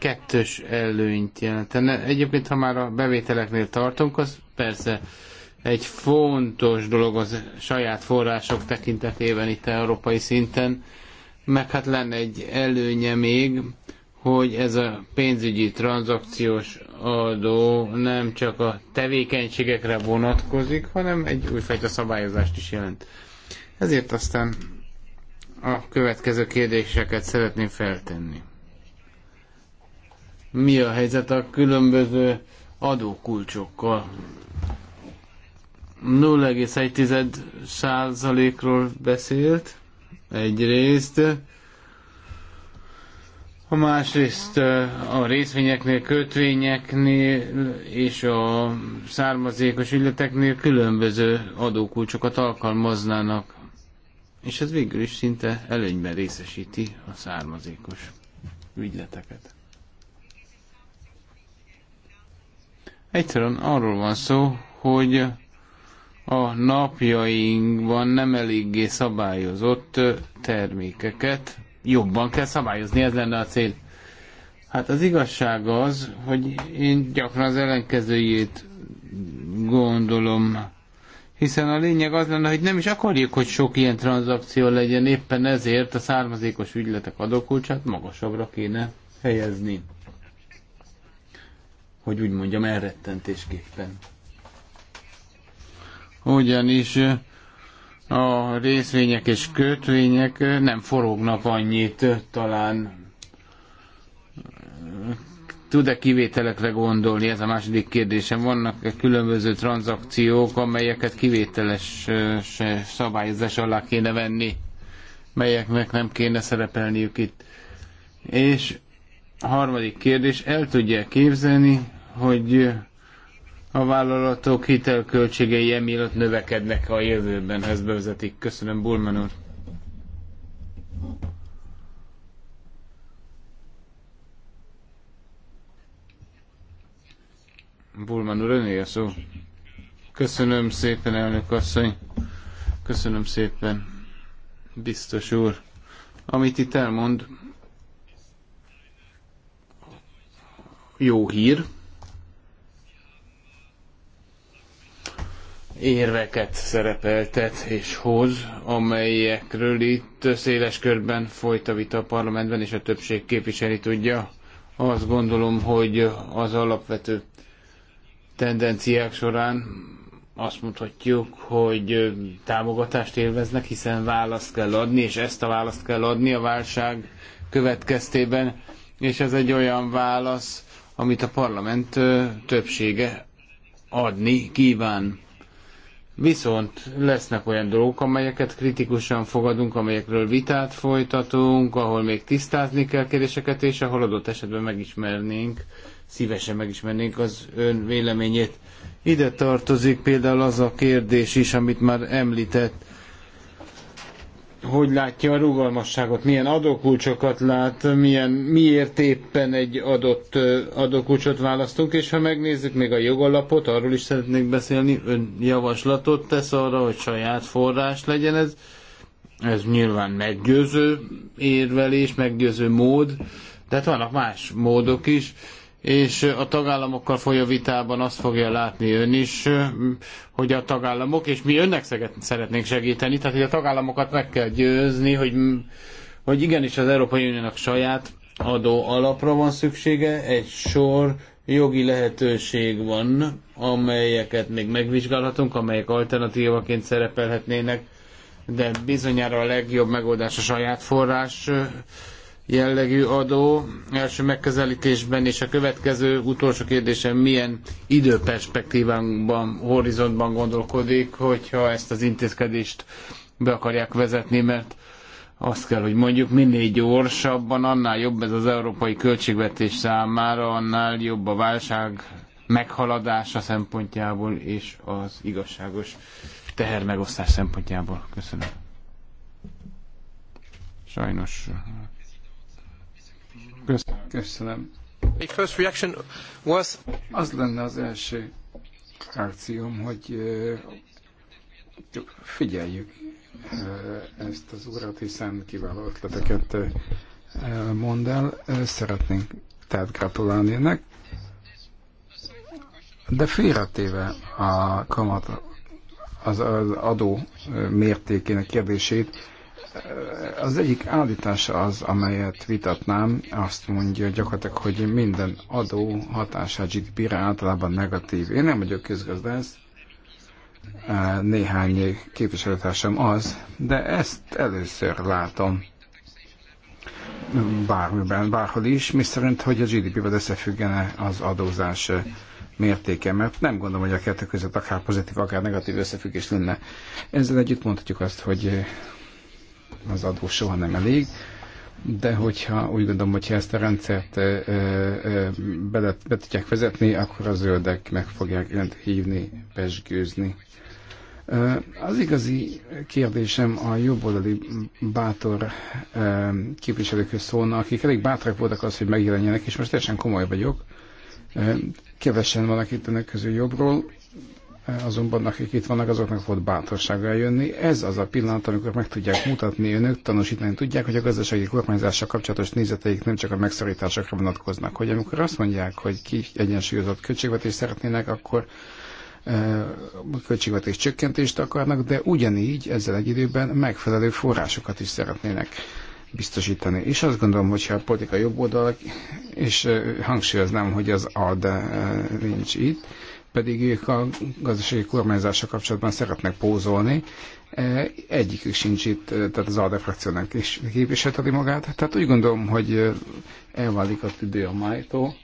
kettős előnyt jelentene. Egyébként, ha már a bevételeknél tartunk, az persze egy fontos dolog az saját források tekintetében itt európai szinten, meg hát lenne egy előnye még, hogy ez a pénzügyi tranzakciós adó nem csak a tevékenységekre vonatkozik, hanem egy újfajta szabályozást is jelent. Ezért aztán a következő kérdéseket szeretném feltenni mi a helyzet a különböző adókulcsokkal. 0,1 százalékról beszélt egyrészt, a másrészt a részvényeknél, kötvényeknél és a származékos ügyleteknél különböző adókulcsokat alkalmaznának, és ez végül is szinte előnyben részesíti a származékos ügyleteket. Egyszerűen arról van szó, hogy a napjainkban nem eléggé szabályozott termékeket jobban kell szabályozni, ez lenne a cél. Hát az igazság az, hogy én gyakran az ellenkezőjét gondolom, hiszen a lényeg az lenne, hogy nem is akarjuk, hogy sok ilyen tranzakció legyen, éppen ezért a származékos ügyletek adókulcsát magasabbra kéne helyezni hogy úgy mondjam, elrettentésképpen. Ugyanis eh, a részvények és kötvények eh, nem forognak annyit, eh, talán tud-e kivételekre gondolni? Ez a második kérdésem. vannak -e különböző tranzakciók, amelyeket kivételes szabályozás alá kéne venni, melyeknek nem kéne szerepelniük itt? És a harmadik kérdés, el tudja -e képzelni, hogy a vállalatok hitelköltségei emiatt növekednek a jövőben, ha ezt bevezetik. Köszönöm, Bulman úr. Bulman úr, öné a szó. Köszönöm szépen, elnök asszony. Köszönöm szépen, biztos úr. Amit itt elmond, jó hír, érveket szerepeltet és hoz, amelyekről itt széles körben folyt a vita a parlamentben, és a többség képviseli tudja. Azt gondolom, hogy az alapvető tendenciák során azt mondhatjuk, hogy támogatást élveznek, hiszen választ kell adni, és ezt a választ kell adni a válság következtében, és ez egy olyan válasz, amit a parlament többsége adni kíván. Viszont lesznek olyan dolgok, amelyeket kritikusan fogadunk, amelyekről vitát folytatunk, ahol még tisztázni kell kérdéseket, és ahol adott esetben megismernénk, szívesen megismernénk az ön véleményét. Ide tartozik például az a kérdés is, amit már említett, hogy látja a rugalmasságot, milyen adókulcsokat lát, milyen, miért éppen egy adott adókulcsot választunk, és ha megnézzük még a jogalapot, arról is szeretnék beszélni, ön javaslatot tesz arra, hogy saját forrás legyen ez. Ez nyilván meggyőző érvelés, meggyőző mód, tehát vannak más módok is és a tagállamokkal folyó vitában azt fogja látni ön is, hogy a tagállamok, és mi önnek szeretnénk segíteni, tehát hogy a tagállamokat meg kell győzni, hogy, hogy igenis az Európai Uniónak saját adó alapra van szüksége, egy sor jogi lehetőség van, amelyeket még megvizsgálhatunk, amelyek alternatívaként szerepelhetnének, de bizonyára a legjobb megoldás a saját forrás jellegű adó első megközelítésben, és a következő utolsó kérdésem, milyen időperspektívánban, horizontban gondolkodik, hogyha ezt az intézkedést be akarják vezetni, mert azt kell, hogy mondjuk minél gyorsabban, annál jobb ez az európai költségvetés számára, annál jobb a válság meghaladása szempontjából és az igazságos tehermegosztás szempontjából. Köszönöm. Sajnos Köszönöm. Köszönöm. My first reaction was... Az lenne az első reakcióm, hogy figyeljük ezt az urat, hiszen kiváló ötleteket mond el. Szeretnénk tehát gratulálni ennek. De félretéve a kamat, az, az adó mértékének kérdését, az egyik állítása az, amelyet vitatnám, azt mondja gyakorlatilag, hogy minden adó hatása a GDP-re általában negatív. Én nem vagyok közgazdász, e, néhány képviselőtársam az, de ezt először látom bármiben, bárhol is, mi szerint, hogy a GDP-vel összefüggene az adózás mértéke, mert nem gondolom, hogy a kettő között akár pozitív, akár negatív összefüggés lenne. Ezzel együtt mondhatjuk azt, hogy az adó soha nem elég, de hogyha úgy gondolom, hogyha ezt a rendszert ö, ö, be, be tudják vezetni, akkor a zöldek meg fogják önt hívni, pesgőzni. Az igazi kérdésem a jobboldali bátor képviselőkhöz szólna, akik elég bátrak voltak az, hogy megjelenjenek, és most teljesen komoly vagyok. Kevesen vannak itt önök közül jobbról, azonban akik itt vannak, azoknak volt bátorsága eljönni. Ez az a pillanat, amikor meg tudják mutatni önök, tanúsítani tudják, hogy a gazdasági kormányzással kapcsolatos nézeteik nem csak a megszorításokra vonatkoznak. Hogy amikor azt mondják, hogy ki egyensúlyozott költségvetést szeretnének, akkor e, költségvetés csökkentést akarnak, de ugyanígy ezzel egy időben megfelelő forrásokat is szeretnének biztosítani. És azt gondolom, hogyha a politika jobb oldal, és e, hangsúlyoznám, hogy az ad e, nincs itt, pedig ők a gazdasági kormányzása kapcsolatban szeretnek pózolni. E, egyikük sincs itt, e, tehát az ALDE frakciónak is képviselteti magát. Tehát úgy gondolom, hogy e, elválik a tüdő a májtó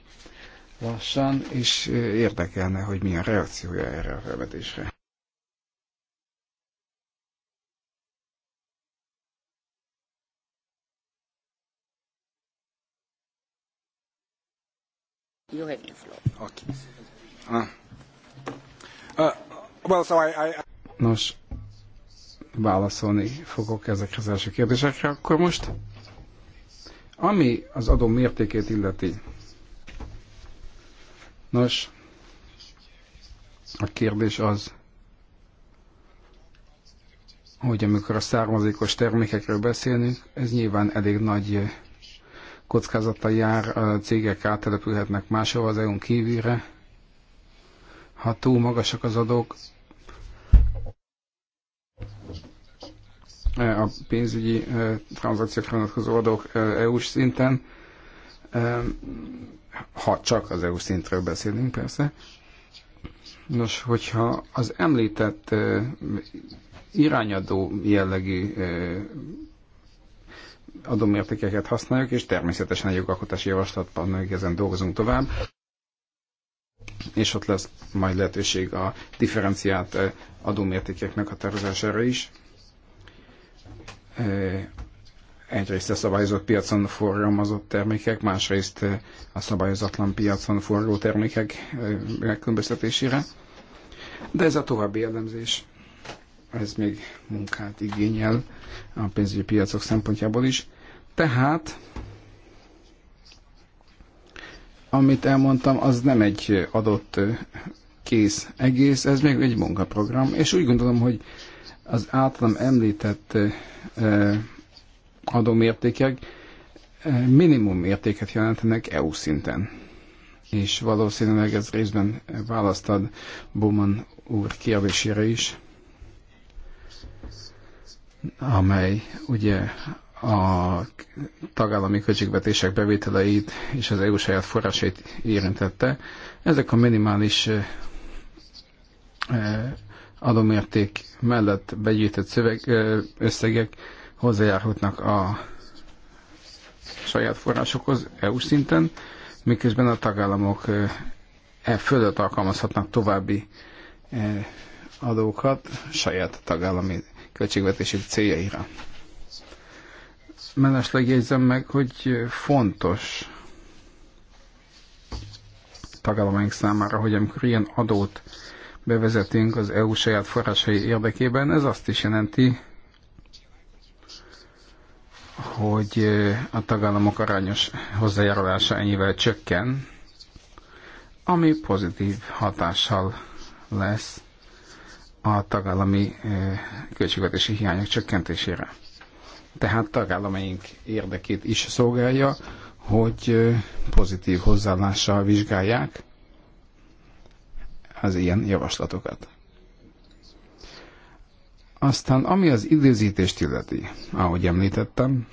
lassan, és érdekelne, hogy milyen reakciója erre a felvetésre. Jó have the Oké. Okay. Ah. Uh, Nos, válaszolni fogok ezekhez az első kérdésekre. Akkor most, ami az adó mértékét illeti. Nos, a kérdés az, hogy amikor a származékos termékekről beszélünk, ez nyilván elég nagy kockázata jár, a cégek áttelepülhetnek máshova az EU-n kívülre, ha túl magasak az adók, e, a pénzügyi e, tranzakciókra vonatkozó adók e, EU-s szinten, ha csak az EU szintről beszélünk persze. Nos, hogyha az említett irányadó jellegű adómértékeket használjuk, és természetesen egy jogalkotási javaslatban még ezen dolgozunk tovább, és ott lesz majd lehetőség a differenciált eh, adómértékek meghatározására is. Eh, egyrészt a szabályozott piacon forgalmazott termékek, másrészt eh, a szabályozatlan piacon forgó termékek megkülönböztetésére. De ez a további elemzés, ez még munkát igényel a pénzügyi piacok szempontjából is. Tehát amit elmondtam, az nem egy adott kész egész, ez még egy munkaprogram, és úgy gondolom, hogy az általam említett adómértékek minimum értéket jelentenek EU szinten. És valószínűleg ez részben választad Buman úr kérdésére is, amely ugye a tagállami költségvetések bevételeit és az EU saját forrásait érintette. Ezek a minimális eh, eh, adomérték mellett begyűjtött szöveg, eh, összegek hozzájárhatnak a saját forrásokhoz EU szinten, miközben a tagállamok e fölött alkalmazhatnak további adókat saját tagállami költségvetésük céljaira. Mellesleg jegyzem meg, hogy fontos tagállamaink számára, hogy amikor ilyen adót bevezetünk az EU saját forrásai érdekében, ez azt is jelenti, hogy a tagállamok arányos hozzájárulása ennyivel csökken, ami pozitív hatással lesz a tagállami költségvetési hiányok csökkentésére tehát tagállamaink érdekét is szolgálja, hogy pozitív hozzáállással vizsgálják az ilyen javaslatokat. Aztán ami az időzítést illeti, ahogy említettem,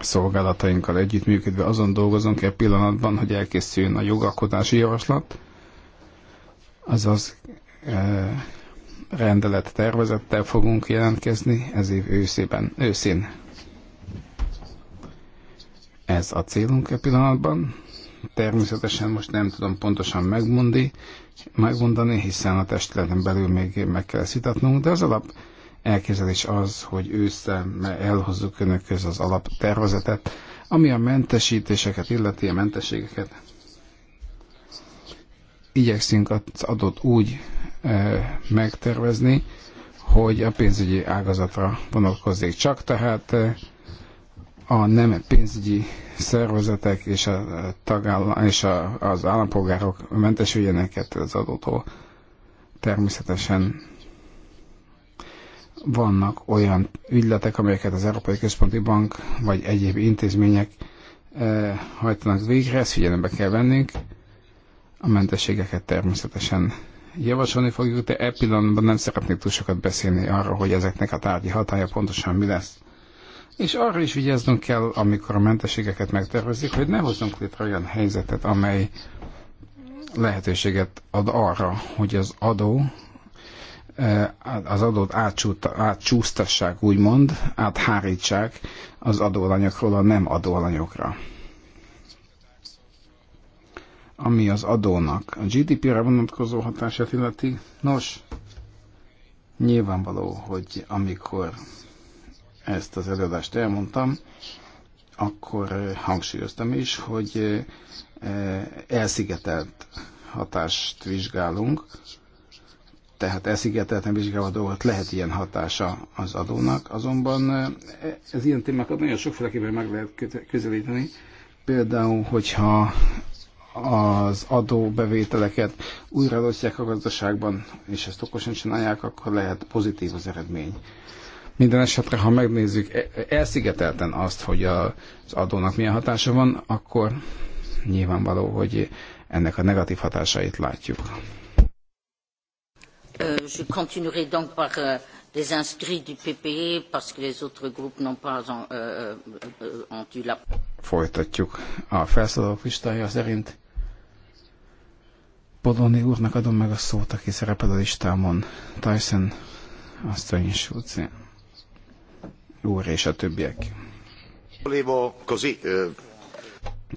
szolgálatainkkal együttműködve azon dolgozunk egy pillanatban, hogy elkészüljön a jogalkotási javaslat, azaz e, rendelet tervezettel fogunk jelentkezni ez év őszében, őszén. Ez a célunk a e pillanatban. Természetesen most nem tudom pontosan megmondi, megmondani, hiszen a testületen belül még meg kell szitatnunk, de az alap elképzelés az, hogy ősszel elhozzuk önökhöz az alaptervezetet, ami a mentesítéseket illeti, a mentességeket. Igyekszünk az adott úgy megtervezni, hogy a pénzügyi ágazatra vonatkozzék csak, tehát a nem pénzügyi szervezetek és, a tagállam, és a, az állampolgárok mentesüljenek ettől az adótól. Természetesen vannak olyan ügyletek, amelyeket az Európai Központi Bank vagy egyéb intézmények e, hajtanak végre, ezt figyelembe kell vennünk. A mentességeket természetesen javasolni fogjuk, de e pillanatban nem szeretnék túl sokat beszélni arra, hogy ezeknek a tárgyi hatája pontosan mi lesz. És arra is vigyáznunk kell, amikor a mentességeket megtervezik, hogy ne hozzunk létre olyan helyzetet, amely lehetőséget ad arra, hogy az adó eh, az adót átcsúsztassák, úgymond, áthárítsák az adóalanyokról a nem adóalanyokra ami az adónak a GDP-re vonatkozó hatását illeti. Nos, nyilvánvaló, hogy amikor ezt az előadást elmondtam, akkor eh, hangsúlyoztam is, hogy eh, elszigetelt hatást vizsgálunk, tehát elszigetelten vizsgálva dolgot lehet ilyen hatása az adónak, azonban eh, ez ilyen témákat nagyon sokféleképpen meg lehet közelíteni. Például, hogyha az adóbevételeket újra a gazdaságban, és ezt okosan csinálják, akkor lehet pozitív az eredmény. Minden esetre, ha megnézzük e- elszigetelten azt, hogy az adónak milyen hatása van, akkor nyilvánvaló, hogy ennek a negatív hatásait látjuk. Euh, je continuerai donc par euh, les inscrits du PPE parce que les autres groupes n'ont pas en, euh, ont euh, eu la... Folytatjuk a felszólalók listája szerint. Poloni úrnak adom meg a szót, aki szerepel a listámon. Tyson, Aston Schulze úr és a többiek.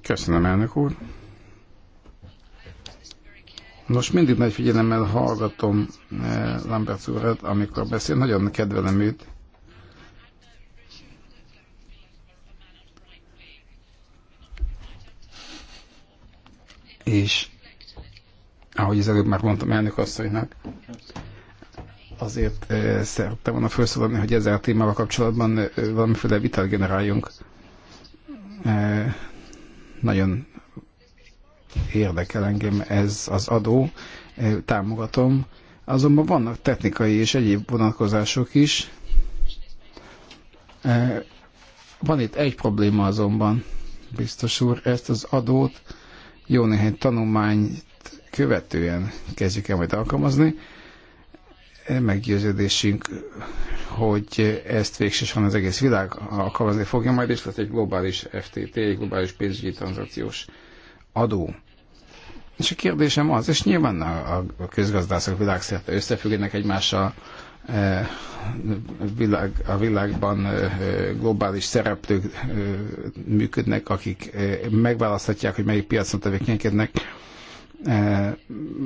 Köszönöm, elnök úr. Nos, mindig nagy figyelemmel hallgatom Lambert úrat, amikor beszél. Nagyon kedvelem őt. És ahogy az előbb már mondtam elnök asszonynak, azért eh, szerettem volna felszólalni, hogy ezzel a témával kapcsolatban eh, valamiféle vitát generáljunk. Eh, nagyon érdekel engem ez az adó, támogatom, azonban vannak technikai és egyéb vonatkozások is. Van itt egy probléma azonban, biztos úr, ezt az adót jó néhány tanulmány követően kezdjük el majd alkalmazni. E, meggyőződésünk, hogy ezt végsősorban az egész világ alkalmazni fogja majd, és lesz egy globális FTT, egy globális pénzügyi tranzakciós adó. És a kérdésem az, és nyilván a, a közgazdászok világszerte összefüggnek egymással, e, világ, a világban e, globális szereplők működnek, akik megválaszthatják, hogy melyik piacon tevékenykednek. Eh,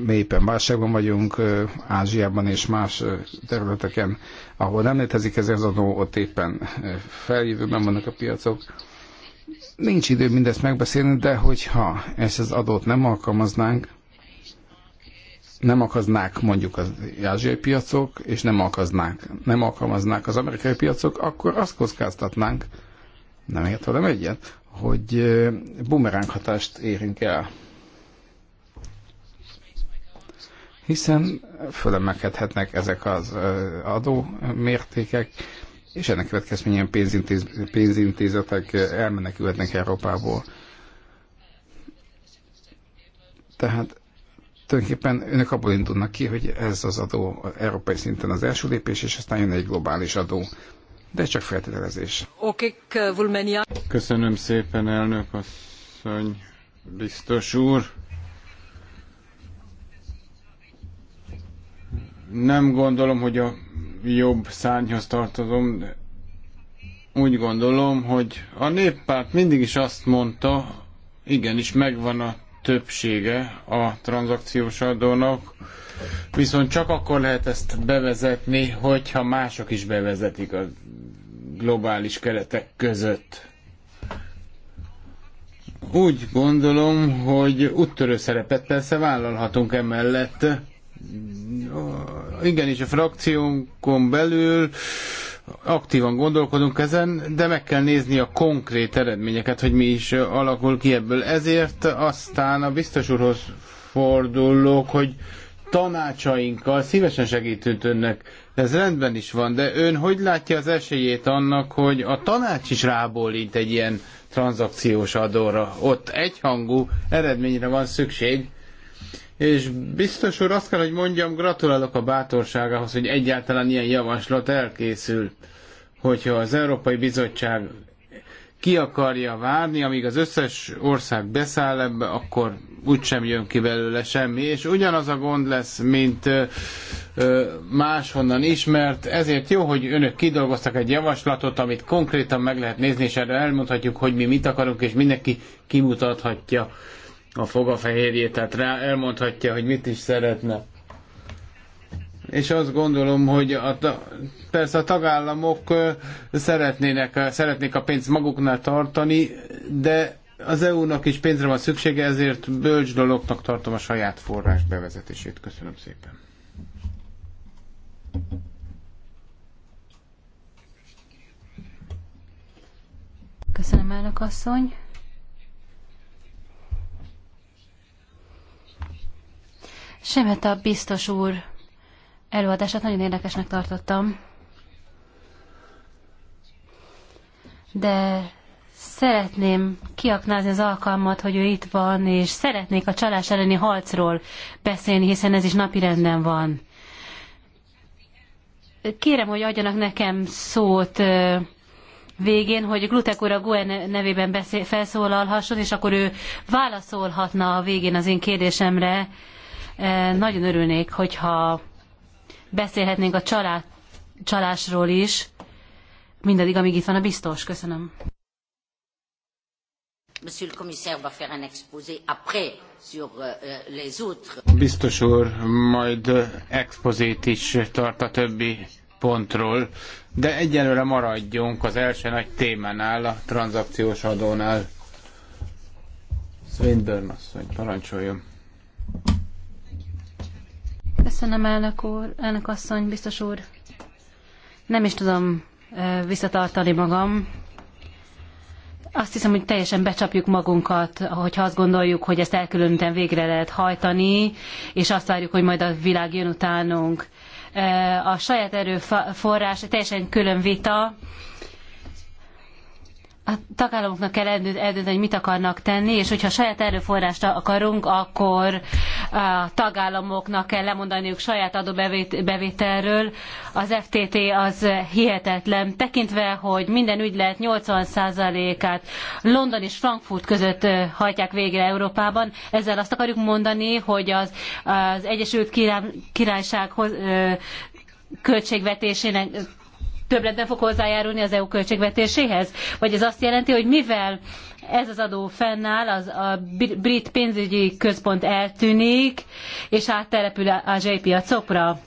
éppen válságban vagyunk, eh, Ázsiában és más eh, területeken, ahol nem létezik ez az adó, ott éppen feljövőben vannak a piacok. Nincs idő mindezt megbeszélni, de hogyha ezt az adót nem alkalmaznánk, nem akaznák mondjuk az ázsiai piacok, és nem, akaznák, nem alkalmaznák az amerikai piacok, akkor azt kockáztatnánk, nem értem egyet, hogy bumeránk hatást érünk el hiszen fölemelkedhetnek ezek az adó mértékek, és ennek következményen pénzintéz, pénzintézetek elmenekülhetnek Európából. Tehát tulajdonképpen önök abból indulnak ki, hogy ez az adó európai szinten az első lépés, és aztán jön egy globális adó. De csak feltételezés. Uh, Köszönöm szépen, elnök asszony, biztos úr. nem gondolom, hogy a jobb szárnyhoz tartozom, úgy gondolom, hogy a néppárt mindig is azt mondta, igenis megvan a többsége a tranzakciós adónak, viszont csak akkor lehet ezt bevezetni, hogyha mások is bevezetik a globális keretek között. Úgy gondolom, hogy úttörő szerepet persze vállalhatunk emellett, igenis a frakciónkon belül aktívan gondolkodunk ezen, de meg kell nézni a konkrét eredményeket, hogy mi is alakul ki ebből. Ezért aztán a biztos úrhoz fordulok, hogy tanácsainkkal szívesen segítünk önnek. Ez rendben is van, de ön hogy látja az esélyét annak, hogy a tanács is rábólít egy ilyen tranzakciós adóra? Ott egyhangú eredményre van szükség, és biztos úr, azt kell, hogy mondjam, gratulálok a bátorságához, hogy egyáltalán ilyen javaslat elkészül, hogyha az Európai Bizottság ki akarja várni, amíg az összes ország beszáll ebbe, akkor úgysem jön ki belőle semmi, és ugyanaz a gond lesz, mint máshonnan is, mert ezért jó, hogy önök kidolgoztak egy javaslatot, amit konkrétan meg lehet nézni, és erre elmondhatjuk, hogy mi mit akarunk, és mindenki kimutathatja a fogafehérjét, tehát rá elmondhatja, hogy mit is szeretne. És azt gondolom, hogy a, persze a tagállamok szeretnének, szeretnék a pénzt maguknál tartani, de az EU-nak is pénzre van szüksége, ezért bölcs dolognak tartom a saját forrás bevezetését. Köszönöm szépen. Köszönöm, elnök asszony. a biztos úr előadását nagyon érdekesnek tartottam. De szeretném kiaknázni az alkalmat, hogy ő itt van, és szeretnék a csalás elleni harcról beszélni, hiszen ez is napirenden van. Kérem, hogy adjanak nekem szót végén, hogy Glutekura Guen nevében beszél, felszólalhasson, és akkor ő válaszolhatna a végén az én kérdésemre, E, nagyon örülnék, hogyha beszélhetnénk a család, csalásról is, mindaddig, amíg itt van a biztos. Köszönöm. Monsieur euh, euh, Biztos úr, majd euh, expozét is tart a többi pontról, de egyelőre maradjunk az első nagy témánál, a tranzakciós adónál. Swinburne asszony, parancsoljon. Köszönöm, elnök úr, elnök asszony, biztos úr. Nem is tudom visszatartani magam. Azt hiszem, hogy teljesen becsapjuk magunkat, hogyha azt gondoljuk, hogy ezt elkülönülten végre lehet hajtani, és azt várjuk, hogy majd a világ jön utánunk. A saját erőforrás teljesen külön vita, a tagállamoknak kell eldönteni, hogy mit akarnak tenni, és hogyha saját erőforrást akarunk, akkor a tagállamoknak kell lemondaniuk saját adóbevételről. Az FTT az hihetetlen, tekintve, hogy minden ügylet 80%-át London és Frankfurt között hajtják végre Európában. Ezzel azt akarjuk mondani, hogy az, az Egyesült Királyság költségvetésének többletben fog hozzájárulni az EU költségvetéséhez? Vagy ez azt jelenti, hogy mivel ez az adó fennáll, az a brit pénzügyi központ eltűnik, és áttelepül a ázsiai piacokra.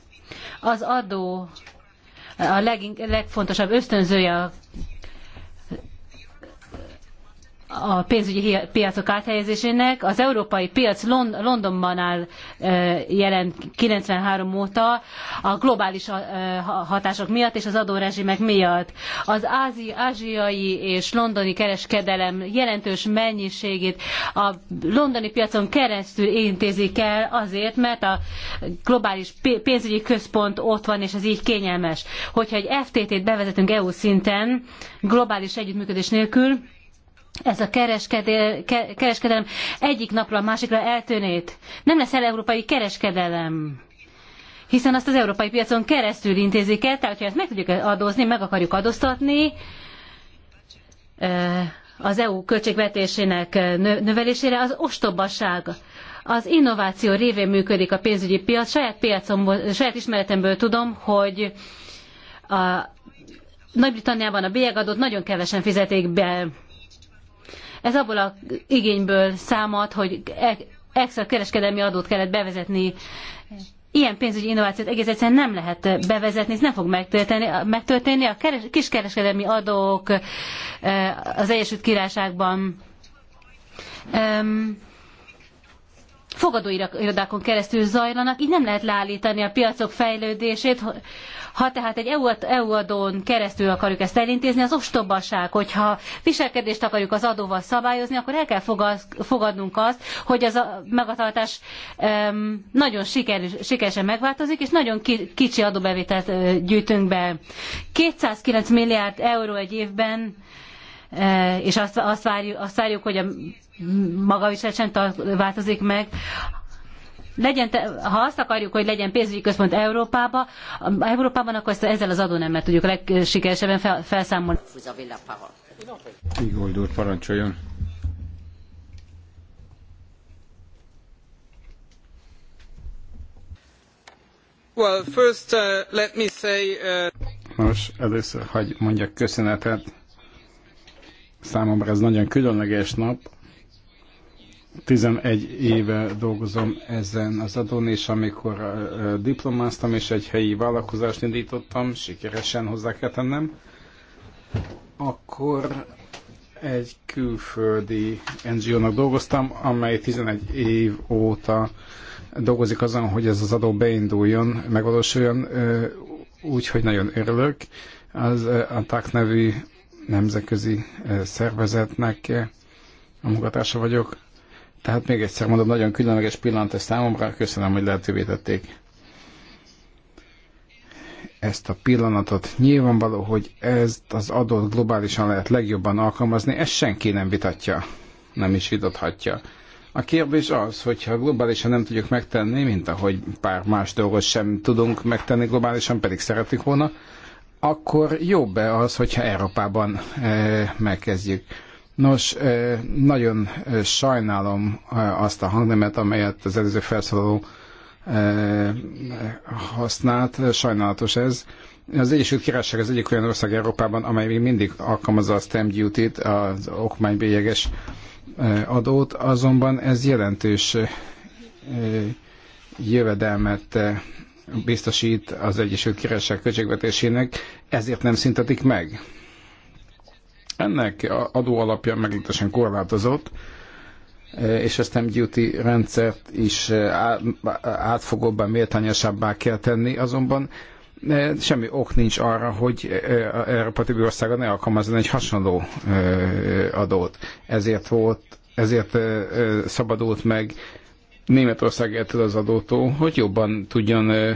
Az adó a leg, legfontosabb ösztönzője a a pénzügyi piacok áthelyezésének. Az európai piac Londonban áll jelen 93 óta a globális hatások miatt és az adórezsimek miatt. Az ázi, ázsiai és londoni kereskedelem jelentős mennyiségét a londoni piacon keresztül intézik el azért, mert a globális pénzügyi központ ott van, és ez így kényelmes. Hogyha egy FTT-t bevezetünk EU szinten, globális együttműködés nélkül, ez a kereskedelem egyik napról a másikra eltűnét. Nem lesz el európai kereskedelem hiszen azt az európai piacon keresztül intézik el, tehát ha ezt meg tudjuk adózni, meg akarjuk adóztatni, az EU költségvetésének növelésére, az ostobaság. Az innováció révén működik a pénzügyi piac. Saját, piacomból, saját ismeretemből tudom, hogy a Nagy-Britanniában a bélyegadót nagyon kevesen fizetik be. Ez abból a igényből számad, hogy e- extra kereskedelmi adót kellett bevezetni. Ilyen pénzügyi innovációt egész egyszerűen nem lehet bevezetni, ez nem fog megtörténni. megtörténni. A keres, kiskereskedelmi adók e, az Egyesült Királyságban um, e, fogadóirodákon keresztül zajlanak, így nem lehet leállítani a piacok fejlődését, ha tehát egy EU adón keresztül akarjuk ezt elintézni, az ostobaság, hogyha viselkedést akarjuk az adóval szabályozni, akkor el kell fogadnunk azt, hogy az a magatartás nagyon sikeresen megváltozik, és nagyon kicsi adóbevételt gyűjtünk be. 209 milliárd euró egy évben e, és azt, azt, várjuk, azt várjuk, hogy a maga is sem változik meg legyen, ha azt akarjuk, hogy legyen pénzügyi központ Európába, Európában, akkor ezt, ezzel az adónemmel tudjuk legsikeresebben fel, felszámolni. Igold úr, parancsoljon. Well, first, uh, let me say, uh... Nos, először hagy mondjak köszönetet. Számomra ez nagyon különleges nap, 11 éve dolgozom ezen az adón, és amikor diplomáztam és egy helyi vállalkozást indítottam, sikeresen hozzá kell tennem, akkor egy külföldi NGO-nak dolgoztam, amely 11 év óta dolgozik azon, hogy ez az adó beinduljon, megvalósuljon, úgyhogy nagyon örülök. Az TAC nevű nemzetközi szervezetnek a munkatársa vagyok, tehát még egyszer mondom, nagyon különleges pillanat ez számomra, köszönöm, hogy lehetővé tették ezt a pillanatot. Nyilvánvaló, hogy ezt az adót globálisan lehet legjobban alkalmazni, ezt senki nem vitatja, nem is vitathatja. A kérdés az, hogyha globálisan nem tudjuk megtenni, mint ahogy pár más dolgot sem tudunk megtenni globálisan, pedig szeretik volna, akkor jobb-e az, hogyha Európában e, megkezdjük Nos, nagyon sajnálom azt a hangnemet, amelyet az előző felszólaló használt. Sajnálatos ez. Az Egyesült Királyság az egyik olyan ország Európában, amely még mindig alkalmazza a stamp duty-t, az okmánybélyeges adót, azonban ez jelentős jövedelmet biztosít az Egyesült Királyság költségvetésének, ezért nem szintetik meg. Ennek adóalapja megintesen korlátozott, és ezt duty rendszert is eh, átfogóbbá, méltányosabbá kell tenni, azonban eh, semmi ok nincs arra, hogy eh, Európa többi országa ne alkalmazzon egy hasonló adót. Ezért volt, ezért szabadult meg Németország ettől az adótól, hogy jobban tudjon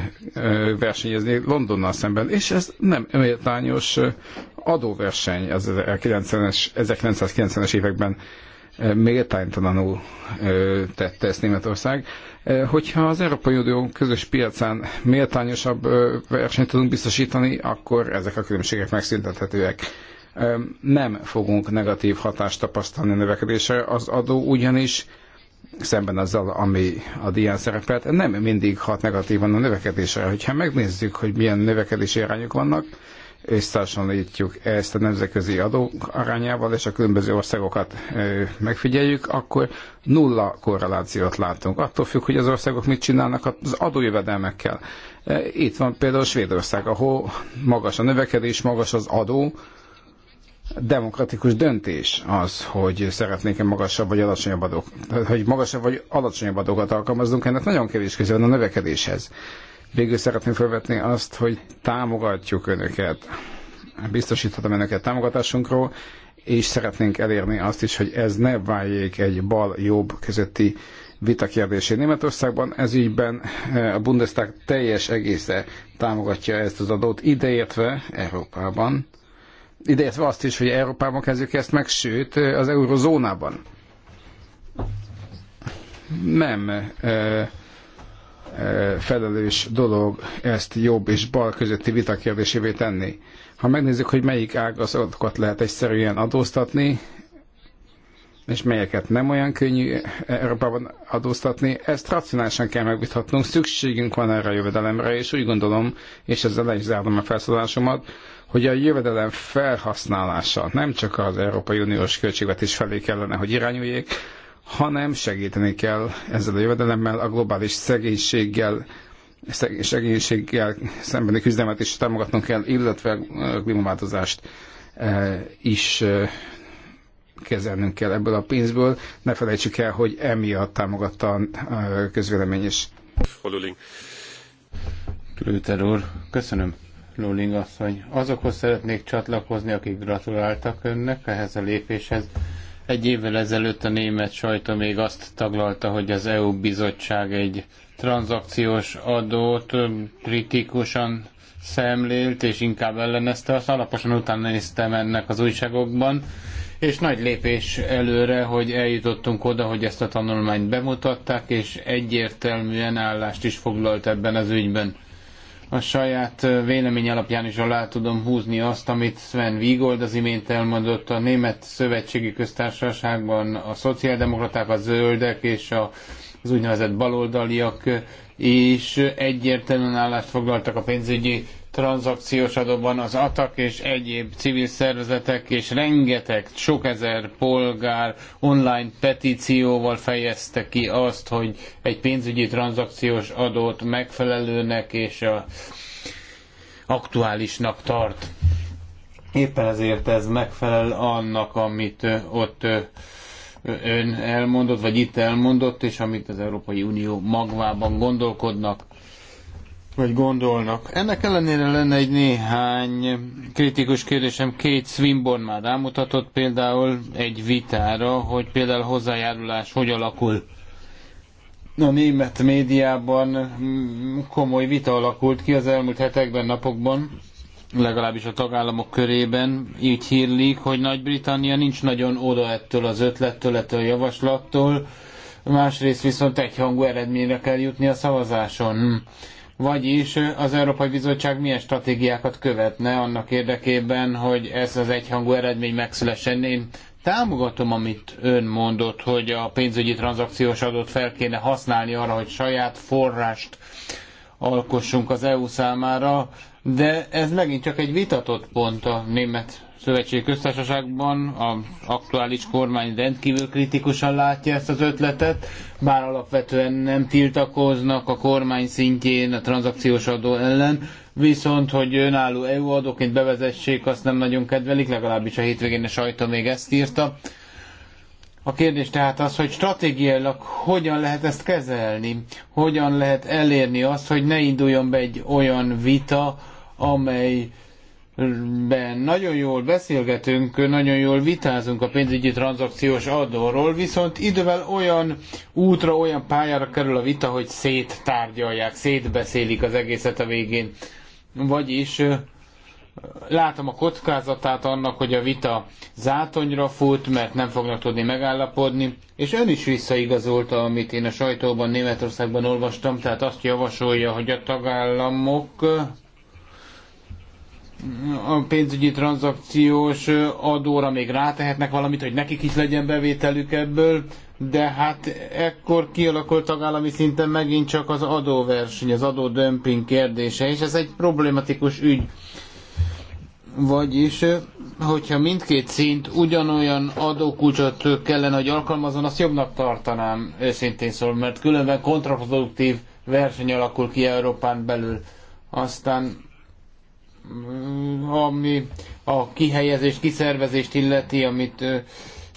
versenyezni Londonnal szemben. És ez nem méltányos adóverseny az 1990-es, 1990 években méltánytalanul tette ezt Németország. Hogyha az Európai Unió közös piacán méltányosabb versenyt tudunk biztosítani, akkor ezek a különbségek megszüntethetőek nem fogunk negatív hatást tapasztalni a növekedésre. Az adó ugyanis szemben azzal, ami a dián szerepelt, nem mindig hat negatívan a növekedésre. Hogyha megnézzük, hogy milyen növekedési arányok vannak, összehasonlítjuk ezt a nemzetközi adók arányával, és a különböző országokat megfigyeljük, akkor nulla korrelációt látunk. Attól függ, hogy az országok mit csinálnak az adójövedelmekkel. Itt van például Svédország, ahol magas a növekedés, magas az adó, demokratikus döntés az, hogy szeretnék-e magasabb vagy alacsonyabb adók, hogy magasabb vagy alacsonyabb adókat alkalmazunk, ennek nagyon kevés köze van a növekedéshez. Végül szeretném felvetni azt, hogy támogatjuk önöket, biztosíthatom önöket támogatásunkról, és szeretnénk elérni azt is, hogy ez ne váljék egy bal-jobb közötti vita kérdésé. Németországban ez ügyben eh, a Bundestag teljes egésze támogatja ezt az adót, ideértve Európában ideértve azt is, hogy Európában kezdjük ezt meg, sőt az eurozónában. Nem e, e, felelős dolog ezt jobb és bal közötti vita kérdésévé tenni. Ha megnézzük, hogy melyik ágazatokat lehet egyszerűen adóztatni, és melyeket nem olyan könnyű Európában adóztatni, ezt racionálisan kell megvitatnunk, szükségünk van erre a jövedelemre, és úgy gondolom, és ezzel le is zárom a felszólásomat, hogy a jövedelem felhasználása nem csak az Európai Uniós költségvetés felé kellene, hogy irányuljék, hanem segíteni kell ezzel a jövedelemmel a globális szegénységgel, szegénységgel szembeni küzdelmet is támogatnunk kell, illetve a klímaváltozást eh, is eh, kezelnünk kell ebből a pénzből. Ne felejtsük el, hogy emiatt támogatta a eh, közvélemény is. Lőter úr, köszönöm. Lóling asszony. Azokhoz szeretnék csatlakozni, akik gratuláltak önnek ehhez a lépéshez. Egy évvel ezelőtt a német sajtó még azt taglalta, hogy az EU bizottság egy tranzakciós adót kritikusan szemlélt, és inkább ellenezte azt. Alaposan utána néztem ennek az újságokban, és nagy lépés előre, hogy eljutottunk oda, hogy ezt a tanulmányt bemutatták, és egyértelműen állást is foglalt ebben az ügyben a saját vélemény alapján is alá tudom húzni azt, amit Sven Wiegold az imént elmondott a Német Szövetségi Köztársaságban a szociáldemokraták, a zöldek és a, az úgynevezett baloldaliak is egyértelműen állást foglaltak a pénzügyi tranzakciós adóban az ATAK és egyéb civil szervezetek és rengeteg, sok ezer polgár online petícióval fejezte ki azt, hogy egy pénzügyi tranzakciós adót megfelelőnek és a aktuálisnak tart. Éppen ezért ez megfelel annak, amit ott ön elmondott, vagy itt elmondott, és amit az Európai Unió magvában gondolkodnak vagy gondolnak. Ennek ellenére lenne egy néhány kritikus kérdésem. Két Swinburne már rámutatott például egy vitára, hogy például hozzájárulás hogy alakul. A német médiában komoly vita alakult ki az elmúlt hetekben, napokban, legalábbis a tagállamok körében. Így hírlik, hogy Nagy-Britannia nincs nagyon oda ettől az ötlettől, ettől a javaslattól, másrészt viszont egyhangú eredményre kell jutni a szavazáson vagyis az Európai Bizottság milyen stratégiákat követne annak érdekében, hogy ez az egyhangú eredmény megszülessen. Én támogatom, amit ön mondott, hogy a pénzügyi tranzakciós adót fel kéne használni arra, hogy saját forrást alkossunk az EU számára, de ez megint csak egy vitatott pont a német Szövetségi Köztársaságban az aktuális kormány rendkívül kritikusan látja ezt az ötletet, bár alapvetően nem tiltakoznak a kormány szintjén a tranzakciós adó ellen, viszont hogy önálló EU adóként bevezessék, azt nem nagyon kedvelik, legalábbis a hétvégén a sajtó még ezt írta. A kérdés tehát az, hogy stratégiailag hogyan lehet ezt kezelni, hogyan lehet elérni azt, hogy ne induljon be egy olyan vita, amely ben nagyon jól beszélgetünk, nagyon jól vitázunk a pénzügyi tranzakciós adóról, viszont idővel olyan útra, olyan pályára kerül a vita, hogy széttárgyalják, szétbeszélik az egészet a végén. Vagyis látom a kockázatát annak, hogy a vita zátonyra fut, mert nem fognak tudni megállapodni, és ön is visszaigazolta, amit én a sajtóban Németországban olvastam, tehát azt javasolja, hogy a tagállamok a pénzügyi tranzakciós adóra még rátehetnek valamit, hogy nekik is legyen bevételük ebből, de hát ekkor kialakult tagállami szinten megint csak az adóverseny, az adódömping kérdése, és ez egy problematikus ügy. Vagyis, hogyha mindkét szint ugyanolyan adókulcsot kellene, hogy alkalmazon, azt jobbnak tartanám, őszintén szól, mert különben kontraproduktív verseny alakul ki Európán belül. Aztán Mm, ami a kihelyezést, kiszervezést illeti, amit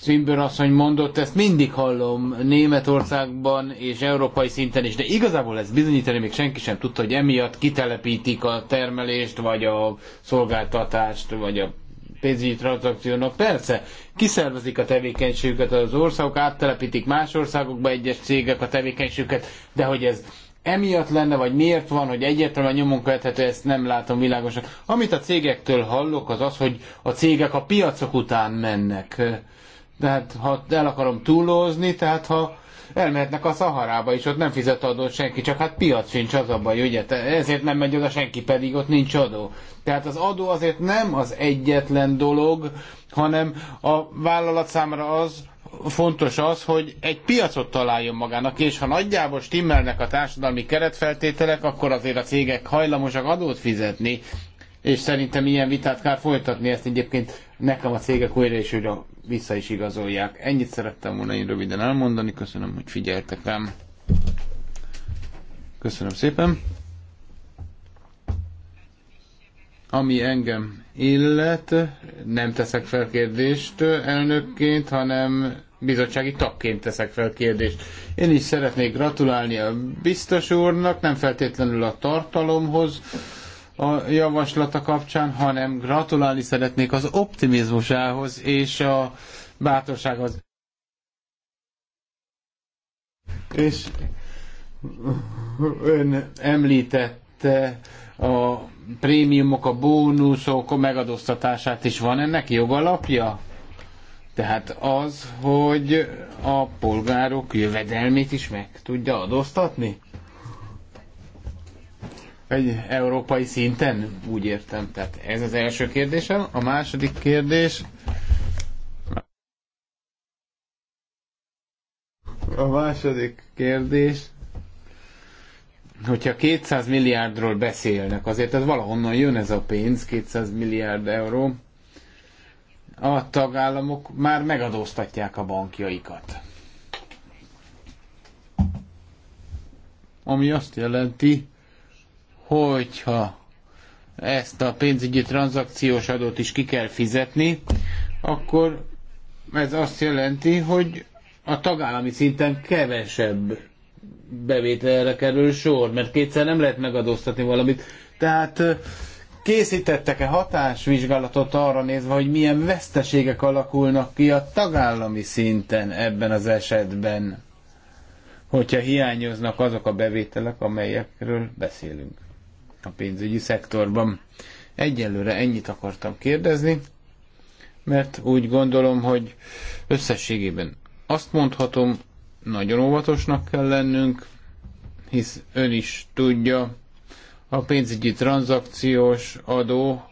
Swinburn asszony mondott, ezt mindig hallom Németországban és európai szinten is, de igazából ez bizonyítani még senki sem tudta, hogy emiatt kitelepítik a termelést, vagy a szolgáltatást, vagy a pénzügyi tranzakciónak. Persze, kiszervezik a tevékenységüket az országok, áttelepítik más országokba egyes cégek a tevékenységüket, de hogy ez emiatt lenne, vagy miért van, hogy egyetlen nyomon követhető, ezt nem látom világosan. Amit a cégektől hallok, az az, hogy a cégek a piacok után mennek. Tehát ha el akarom túlózni, tehát ha elmehetnek a Szaharába is, ott nem fizet adót senki, csak hát piac sincs, az a baj, ugye? Ezért nem megy oda senki, pedig ott nincs adó. Tehát az adó azért nem az egyetlen dolog, hanem a vállalat számára az, fontos az, hogy egy piacot találjon magának, és ha nagyjából stimmelnek a társadalmi keretfeltételek, akkor azért a cégek hajlamosak adót fizetni, és szerintem ilyen vitát kár folytatni, ezt egyébként nekem a cégek újra és újra vissza is igazolják. Ennyit szerettem volna én röviden elmondani, köszönöm, hogy figyeltek rám. Köszönöm szépen. Ami engem illet, nem teszek fel kérdést elnökként, hanem bizottsági tagként teszek fel kérdést. Én is szeretnék gratulálni a biztos úrnak, nem feltétlenül a tartalomhoz a javaslata kapcsán, hanem gratulálni szeretnék az optimizmusához és a bátorsághoz. És ön említette a prémiumok, a bónuszok a megadóztatását is van ennek jogalapja? Tehát az, hogy a polgárok jövedelmét is meg tudja adóztatni? Egy európai szinten, úgy értem. Tehát ez az első kérdésem. A második kérdés... A második kérdés hogyha 200 milliárdról beszélnek, azért ez valahonnan jön ez a pénz, 200 milliárd euró, a tagállamok már megadóztatják a bankjaikat. Ami azt jelenti, hogyha ezt a pénzügyi tranzakciós adót is ki kell fizetni, akkor ez azt jelenti, hogy a tagállami szinten kevesebb bevételre kerül sor, mert kétszer nem lehet megadóztatni valamit. Tehát készítettek-e hatásvizsgálatot arra nézve, hogy milyen veszteségek alakulnak ki a tagállami szinten ebben az esetben, hogyha hiányoznak azok a bevételek, amelyekről beszélünk a pénzügyi szektorban. Egyelőre ennyit akartam kérdezni, mert úgy gondolom, hogy összességében azt mondhatom, nagyon óvatosnak kell lennünk, hisz ön is tudja, a pénzügyi tranzakciós adó,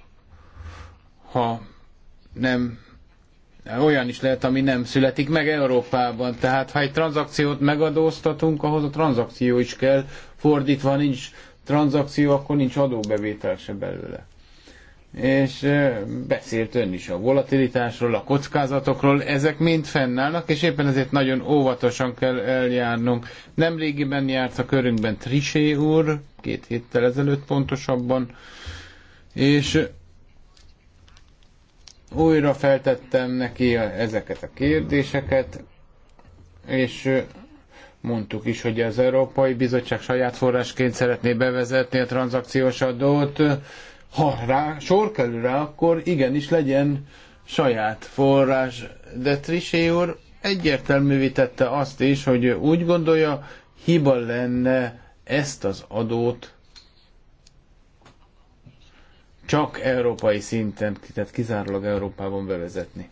ha nem olyan is lehet, ami nem születik meg Európában. Tehát ha egy tranzakciót megadóztatunk, ahhoz a tranzakció is kell, fordítva nincs tranzakció, akkor nincs adóbevétel se belőle és beszélt ön is a volatilitásról, a kockázatokról, ezek mind fennállnak, és éppen ezért nagyon óvatosan kell eljárnunk. Nemrégiben járt a körünkben Trisé úr, két héttel ezelőtt pontosabban, és újra feltettem neki ezeket a kérdéseket, és mondtuk is, hogy az Európai Bizottság saját forrásként szeretné bevezetni a tranzakciós adót, ha rá sor kerül rá, akkor igenis legyen saját forrás. De Trisé úr egyértelművé tette azt is, hogy úgy gondolja, hiba lenne ezt az adót csak európai szinten, tehát kizárólag Európában bevezetni.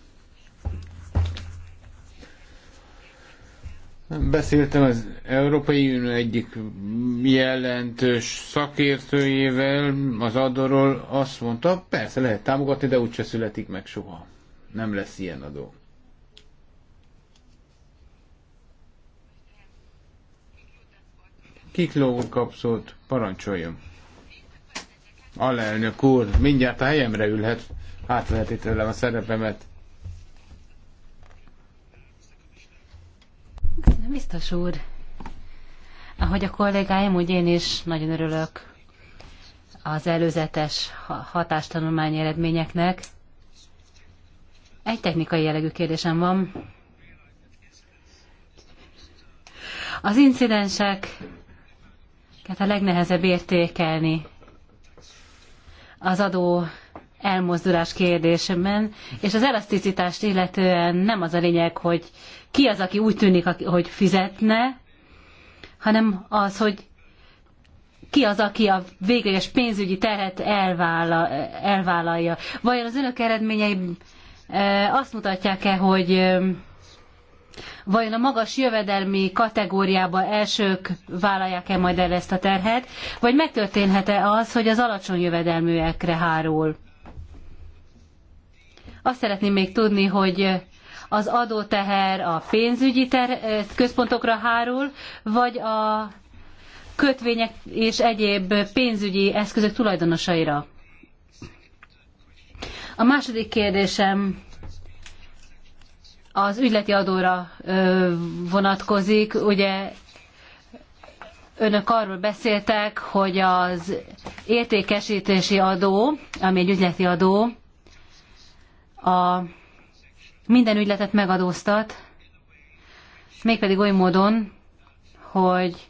Beszéltem az Európai Unió egyik jelentős szakértőjével, az adóról, azt mondta, persze lehet támogatni, de úgyse születik meg soha. Nem lesz ilyen adó. Kikló kapszót, parancsoljon. Alelnök úr, mindjárt a helyemre ülhet, átveheti tőlem a szerepemet. Biztos úr, ahogy a kollégáim, úgy én is nagyon örülök az előzetes hatástanulmány eredményeknek. Egy technikai jellegű kérdésem van. Az incidenseket a legnehezebb értékelni. Az adó elmozdulás kérdésében, és az elaszticitást illetően nem az a lényeg, hogy ki az, aki úgy tűnik, hogy fizetne, hanem az, hogy ki az, aki a végleges pénzügyi terhet elvállal, elvállalja. Vajon az önök eredményei azt mutatják-e, hogy vajon a magas jövedelmi kategóriába elsők vállalják-e majd el ezt a terhet, vagy megtörténhet-e az, hogy az alacsony jövedelműekre hárul? Azt szeretném még tudni, hogy az adóteher a pénzügyi központokra hárul, vagy a kötvények és egyéb pénzügyi eszközök tulajdonosaira. A második kérdésem az ügyleti adóra vonatkozik. Ugye önök arról beszéltek, hogy az értékesítési adó, ami egy ügyleti adó, a minden ügyletet megadóztat, mégpedig oly módon, hogy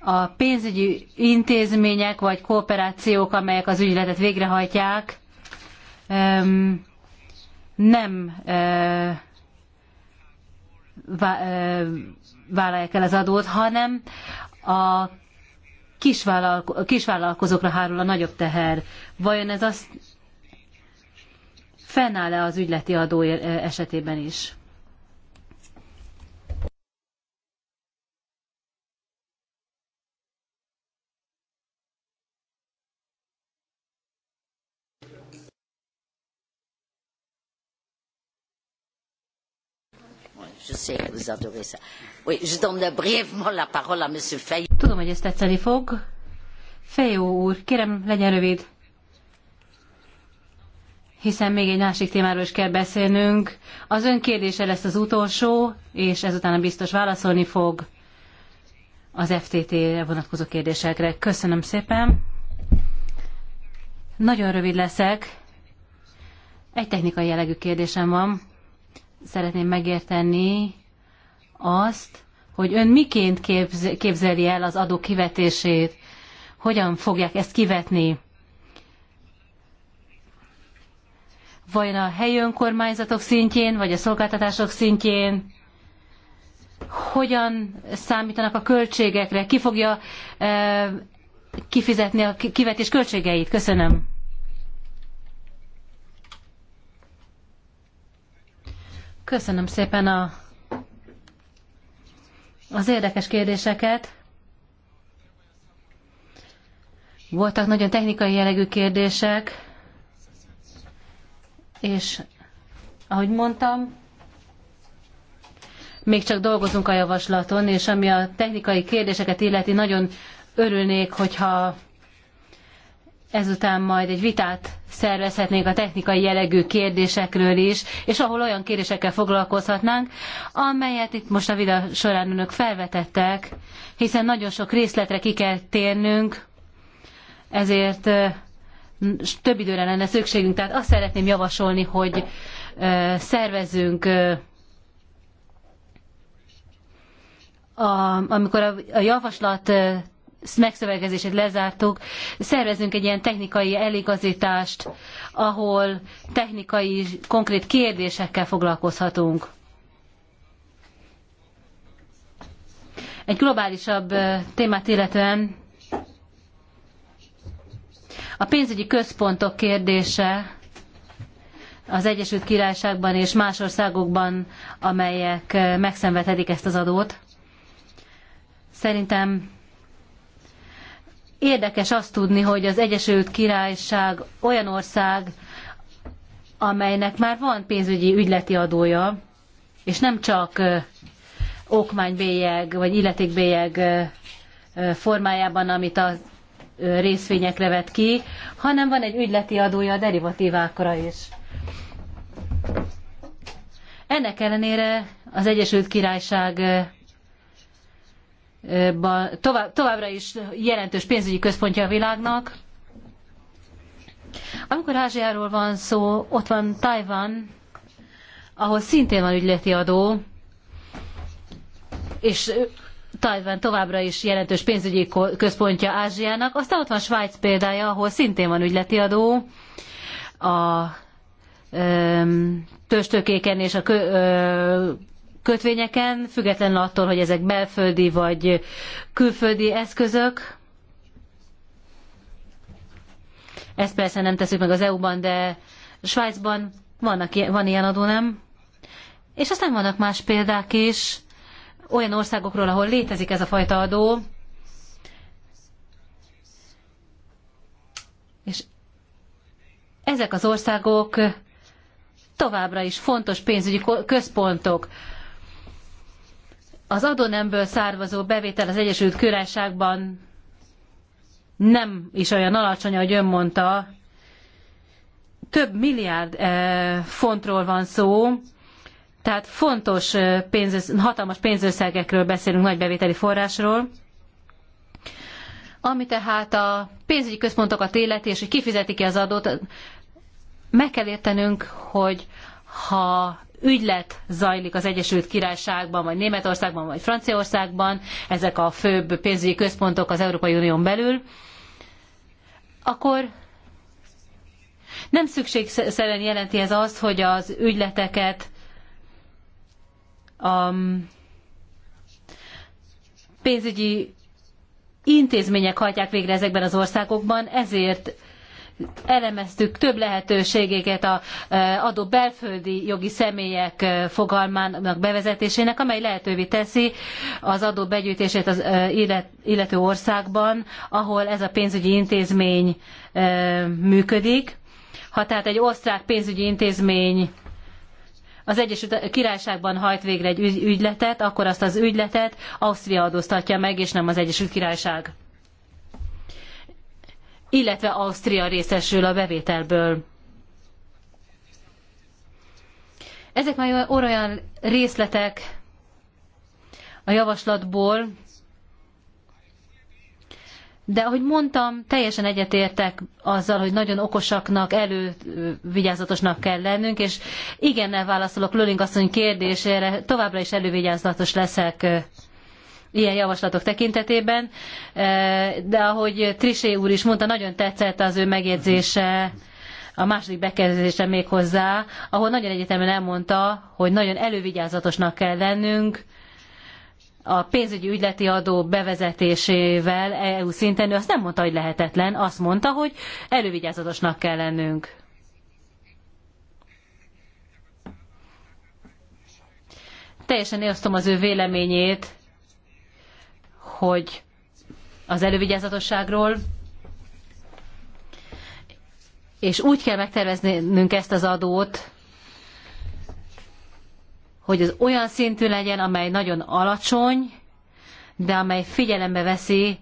a pénzügyi intézmények vagy kooperációk, amelyek az ügyletet végrehajtják, nem vállalják el az adót, hanem a kisvállalkozókra hárul a nagyobb teher. Vajon ez azt fennáll-e az ügyleti adó eh, esetében is? Tudom, hogy ezt tetszeni fog. Fejó úr, kérem, legyen rövid hiszen még egy másik témáról is kell beszélnünk. Az ön kérdése lesz az utolsó, és ezután a biztos válaszolni fog az FTT-re vonatkozó kérdésekre. Köszönöm szépen. Nagyon rövid leszek. Egy technikai jellegű kérdésem van. Szeretném megérteni azt, hogy ön miként képzeli el az adó kivetését, hogyan fogják ezt kivetni vagy a helyi önkormányzatok szintjén, vagy a szolgáltatások szintjén, hogyan számítanak a költségekre, ki fogja e, kifizetni a kivetés költségeit. Köszönöm. Köszönöm szépen a, az érdekes kérdéseket. Voltak nagyon technikai jellegű kérdések és ahogy mondtam, még csak dolgozunk a javaslaton, és ami a technikai kérdéseket illeti, nagyon örülnék, hogyha ezután majd egy vitát szervezhetnénk a technikai jellegű kérdésekről is, és ahol olyan kérdésekkel foglalkozhatnánk, amelyet itt most a vita során önök felvetettek, hiszen nagyon sok részletre ki kell térnünk, ezért több időre lenne szükségünk, tehát azt szeretném javasolni, hogy szervezünk a, amikor a, a javaslat megszövegezését lezártuk, szervezünk egy ilyen technikai eligazítást, ahol technikai konkrét kérdésekkel foglalkozhatunk. Egy globálisabb témát illetően a pénzügyi központok kérdése az Egyesült Királyságban és más országokban, amelyek eh, megszenvedhetik ezt az adót. Szerintem érdekes azt tudni, hogy az Egyesült Királyság olyan ország, amelynek már van pénzügyi ügyleti adója, és nem csak eh, okmánybélyeg vagy illetékbélyeg eh, formájában, amit a részvényekre vet ki, hanem van egy ügyleti adója a derivatívákra is. Ennek ellenére az Egyesült Királyság tovább, továbbra is jelentős pénzügyi központja a világnak. Amikor Ázsiáról van szó, ott van Tajvan, ahol szintén van ügyleti adó, és Tajvan továbbra is jelentős pénzügyi központja Ázsiának. Aztán ott van Svájc példája, ahol szintén van ügyleti adó. A töstökéken és a kö, ö, kötvényeken, függetlenül attól, hogy ezek belföldi vagy külföldi eszközök. Ezt persze nem teszük meg az EU-ban, de Svájcban vannak, van ilyen adó, nem? És aztán vannak más példák is, olyan országokról, ahol létezik ez a fajta adó, és ezek az országok továbbra is fontos pénzügyi központok. Az adónemből származó bevétel az Egyesült Királyságban nem is olyan alacsony, ahogy ön mondta. Több milliárd eh, fontról van szó, tehát fontos pénzössz, hatalmas pénzösszegekről beszélünk, nagy bevételi forrásról, ami tehát a pénzügyi központokat illeti, és hogy kifizeti ki az adót, meg kell értenünk, hogy ha ügylet zajlik az Egyesült Királyságban, vagy Németországban, vagy Franciaországban, ezek a főbb pénzügyi központok az Európai Unión belül, akkor nem szükségszerűen jelenti ez azt, hogy az ügyleteket a pénzügyi intézmények hajtják végre ezekben az országokban, ezért elemeztük több lehetőségeket a e, adó belföldi jogi személyek e, fogalmának bevezetésének, amely lehetővé teszi az adó begyűjtését az e, illető országban, ahol ez a pénzügyi intézmény működik. Ha tehát egy osztrák pénzügyi intézmény az Egyesült Királyságban hajt végre egy ügyletet, akkor azt az ügyletet Ausztria adóztatja meg, és nem az Egyesült Királyság. Illetve Ausztria részesül a bevételből. Ezek már olyan részletek a javaslatból, de ahogy mondtam, teljesen egyetértek azzal, hogy nagyon okosaknak, elővigyázatosnak kell lennünk, és igennel válaszolok Löling asszony kérdésére, továbbra is elővigyázatos leszek ilyen javaslatok tekintetében, de ahogy Trisé úr is mondta, nagyon tetszett az ő megjegyzése, a második bekezdésre még hozzá, ahol nagyon egyetemen elmondta, hogy nagyon elővigyázatosnak kell lennünk, a pénzügyi ügyleti adó bevezetésével EU szinten, ő azt nem mondta, hogy lehetetlen, azt mondta, hogy elővigyázatosnak kell lennünk. Teljesen értem az ő véleményét, hogy az elővigyázatosságról, és úgy kell megterveznünk ezt az adót, hogy az olyan szintű legyen, amely nagyon alacsony, de amely figyelembe veszi,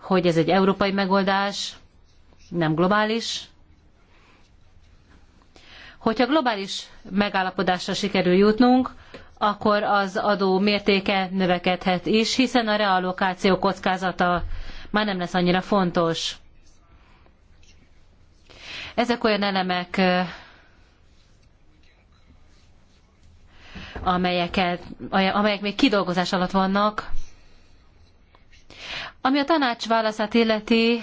hogy ez egy európai megoldás, nem globális. Hogyha globális megállapodásra sikerül jutnunk, akkor az adó mértéke növekedhet is, hiszen a reallokáció kockázata már nem lesz annyira fontos. Ezek olyan elemek, amelyeket, amelyek még kidolgozás alatt vannak. Ami a tanács válaszát illeti,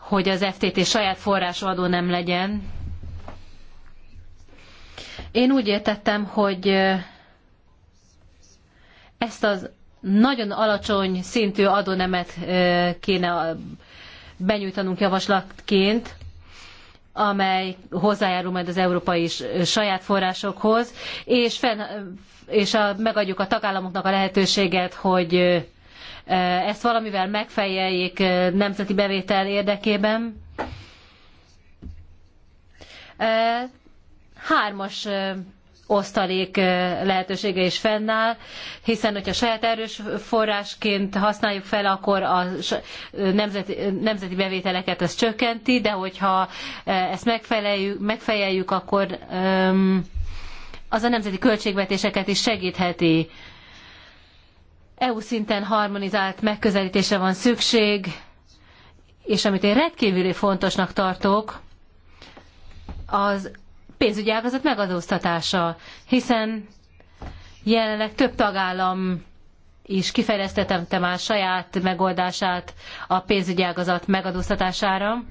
hogy az FTT saját forrásadó nem legyen. Én úgy értettem, hogy ezt az nagyon alacsony szintű adónemet kéne benyújtanunk javaslatként, amely hozzájárul majd az európai saját forrásokhoz, és, fenn, és a, megadjuk a tagállamoknak a lehetőséget, hogy ezt valamivel megfejeljék nemzeti bevétel érdekében. Hármas osztalék lehetősége is fennáll, hiszen hogyha saját erős forrásként használjuk fel, akkor a nemzeti, nemzeti bevételeket ez csökkenti, de hogyha ezt megfeleljük, megfeleljük akkor az a nemzeti költségvetéseket is segítheti. EU szinten harmonizált megközelítésre van szükség, és amit én rendkívüli fontosnak tartok, az pénzügyi ágazat megadóztatása, hiszen jelenleg több tagállam is kifejlesztette már saját megoldását a pénzügyi ágazat megadóztatására.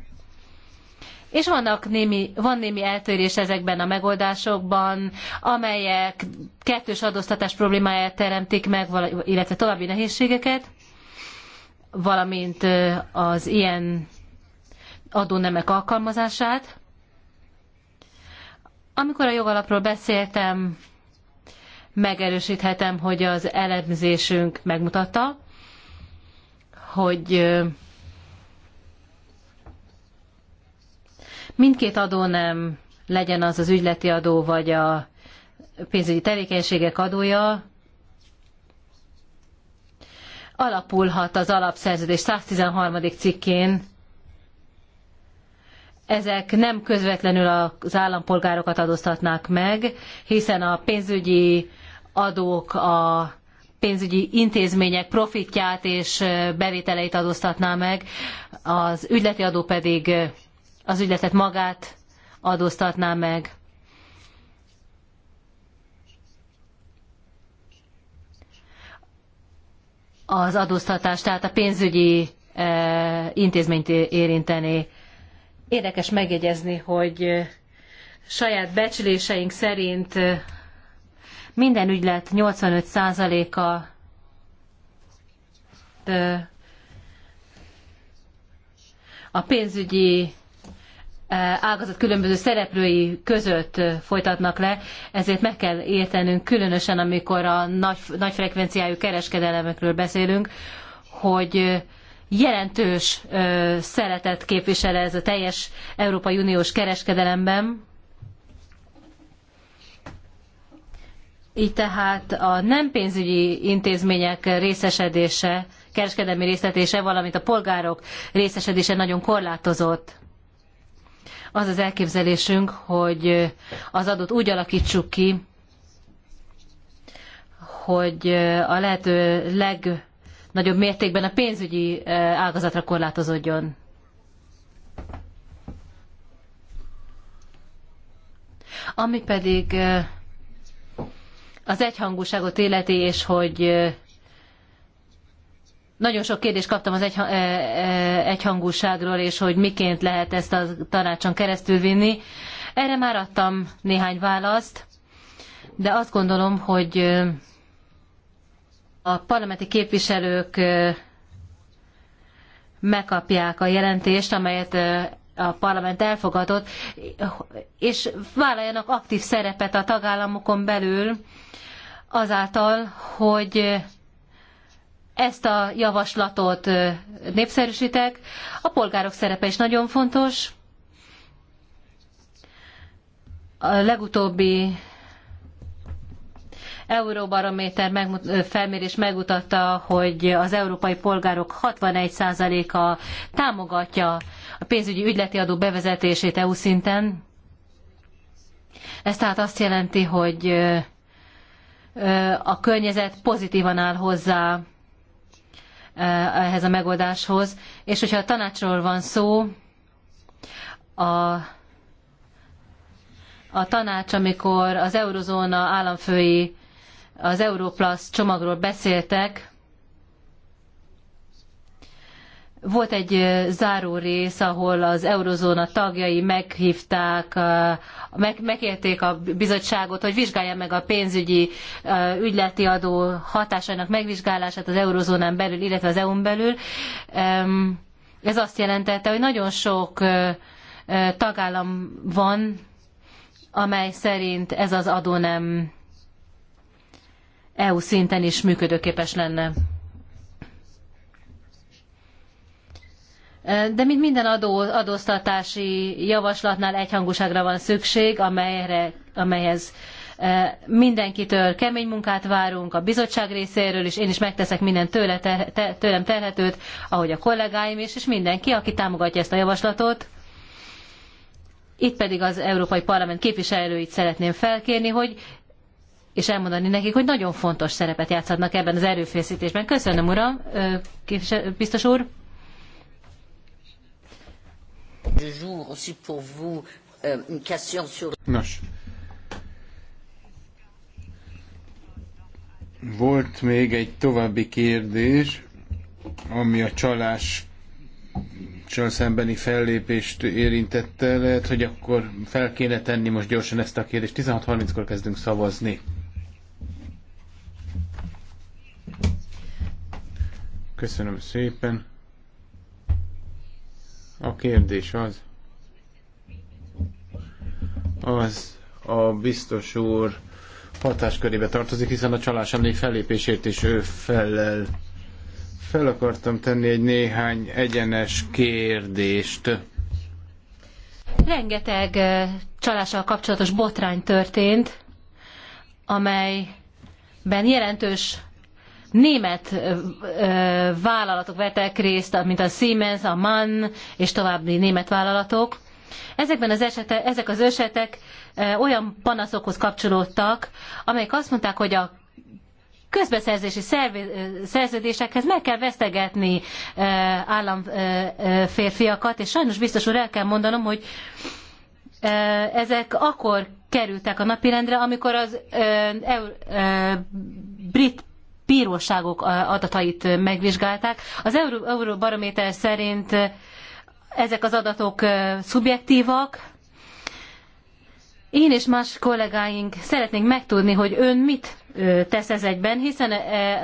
És vannak némi, van némi eltörés ezekben a megoldásokban, amelyek kettős adóztatás problémáját teremtik meg, illetve további nehézségeket, valamint az ilyen adónemek alkalmazását. Amikor a jogalapról beszéltem, megerősíthetem, hogy az elemzésünk megmutatta, hogy mindkét adó nem legyen az az ügyleti adó vagy a pénzügyi tevékenységek adója, alapulhat az alapszerződés 113. cikkén ezek nem közvetlenül az állampolgárokat adóztatnák meg, hiszen a pénzügyi adók a pénzügyi intézmények profitját és bevételeit adóztatná meg, az ügyleti adó pedig az ügyletet magát adóztatná meg. Az adóztatás tehát a pénzügyi eh, intézményt érintené. Érdekes megjegyezni, hogy saját becsléseink szerint minden ügylet 85%-a a pénzügyi ágazat különböző szereplői között folytatnak le, ezért meg kell értenünk, különösen amikor a nagy, nagy frekvenciájú kereskedelemekről beszélünk, hogy jelentős ö, szeretet képvisel ez a teljes Európai Uniós kereskedelemben. Így tehát a nem pénzügyi intézmények részesedése, kereskedelmi részletése, valamint a polgárok részesedése nagyon korlátozott. Az az elképzelésünk, hogy az adót úgy alakítsuk ki, hogy a lehető leg nagyobb mértékben a pénzügyi eh, ágazatra korlátozódjon. Ami pedig eh, az egyhangúságot életi, és hogy eh, nagyon sok kérdést kaptam az egyhangúságról, és hogy miként lehet ezt a tanácson keresztül vinni. Erre már adtam néhány választ, de azt gondolom, hogy a parlamenti képviselők megkapják a jelentést, amelyet a parlament elfogadott, és vállaljanak aktív szerepet a tagállamokon belül azáltal, hogy ezt a javaslatot népszerűsítek. A polgárok szerepe is nagyon fontos. A legutóbbi Euróbarométer felmérés megmutatta, hogy az európai polgárok 61%-a támogatja a pénzügyi ügyleti adó bevezetését EU szinten. Ez tehát azt jelenti, hogy a környezet pozitívan áll hozzá ehhez a megoldáshoz, és hogyha a tanácsról van szó, a a tanács, amikor az eurozóna államfői az Europlus csomagról beszéltek, volt egy záró rész, ahol az eurozóna tagjai meghívták, meg, megérték a bizottságot, hogy vizsgálja meg a pénzügyi ügyleti adó hatásainak megvizsgálását az eurozónán belül, illetve az EU-n belül. Ez azt jelentette, hogy nagyon sok tagállam van, amely szerint ez az adó nem EU szinten is működőképes lenne. De mint minden adó, adóztatási javaslatnál egyhangúságra van szükség, amelyre, amelyhez mindenkitől kemény munkát várunk, a bizottság részéről is, én is megteszek minden tőle ter, te, tőlem telhetőt, ahogy a kollégáim is, és mindenki, aki támogatja ezt a javaslatot. Itt pedig az Európai Parlament képviselőit szeretném felkérni, hogy és elmondani nekik, hogy nagyon fontos szerepet játszhatnak ebben az erőfeszítésben. Köszönöm, uram, biztos úr. Euh, Nos, volt még egy további kérdés, ami a csalás csal szembeni fellépést érintette, lehet, hogy akkor fel kéne tenni most gyorsan ezt a kérdést. 16.30-kor kezdünk szavazni. Köszönöm szépen. A kérdés az, az a biztos úr hatáskörébe tartozik, hiszen a csalás emlék fellépésért is ő felel. Fel akartam tenni egy néhány egyenes kérdést. Rengeteg csalással kapcsolatos botrány történt, amelyben jelentős német vállalatok vettek részt, mint a Siemens, a Mann és további német vállalatok. Ezekben az esete, ezek az esetek olyan panaszokhoz kapcsolódtak, amelyek azt mondták, hogy a közbeszerzési szerződésekhez meg kell vesztegetni államférfiakat, és sajnos biztos úr el kell mondanom, hogy ezek akkor kerültek a napirendre, amikor az brit bíróságok adatait megvizsgálták. Az Euró, Euróbarométer szerint ezek az adatok szubjektívak. Én és más kollégáink szeretnénk megtudni, hogy ön mit tesz ez egyben, hiszen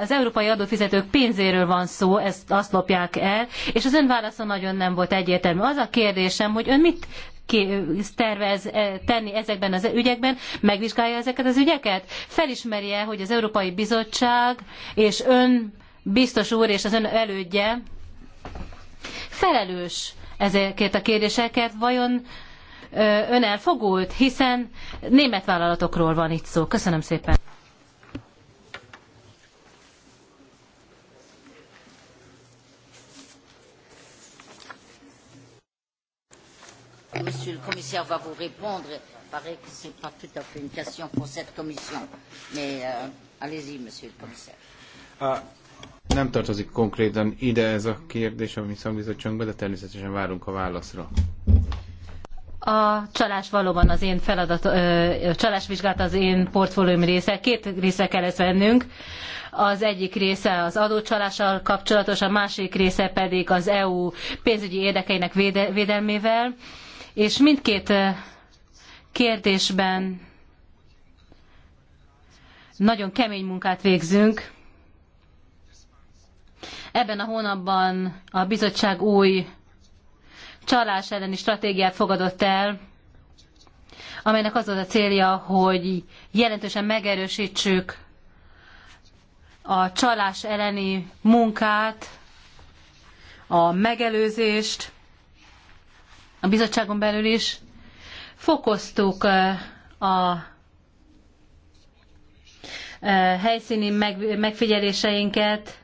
az európai adófizetők pénzéről van szó, ezt azt lopják el, és az ön válasza nagyon nem volt egyértelmű. Az a kérdésem, hogy ön mit tervez eh, tenni ezekben az ügyekben, megvizsgálja ezeket az ügyeket, felismerje, hogy az Európai Bizottság és ön biztos úr és az ön elődje felelős ezeket a kérdéseket, vajon eh, ön elfogult, hiszen német vállalatokról van itt szó. Köszönöm szépen. Monsieur le commissaire va vous répondre. Il paraît que ce n'est pas tout à fait une question pour cette commission. Mais euh, allez-y, monsieur le commissaire. Uh, nem tartozik konkrétan ide ez a kérdés a mi szakbizottságunkba, de természetesen várunk a válaszra. A csalás valóban az én feladat, a csalásvizsgát az én portfólióm része. Két részre kell ezt vennünk. Az egyik része az adócsalással kapcsolatos, a másik része pedig az EU pénzügyi érdekeinek védelmével és mindkét eh, kérdésben nagyon kemény munkát végzünk. Ebben a hónapban a bizottság új csalás elleni stratégiát fogadott el, amelynek az volt a célja, hogy jelentősen megerősítsük a csalás elleni munkát, a megelőzést, a bizottságon belül is fokoztuk a helyszíni megfigyeléseinket,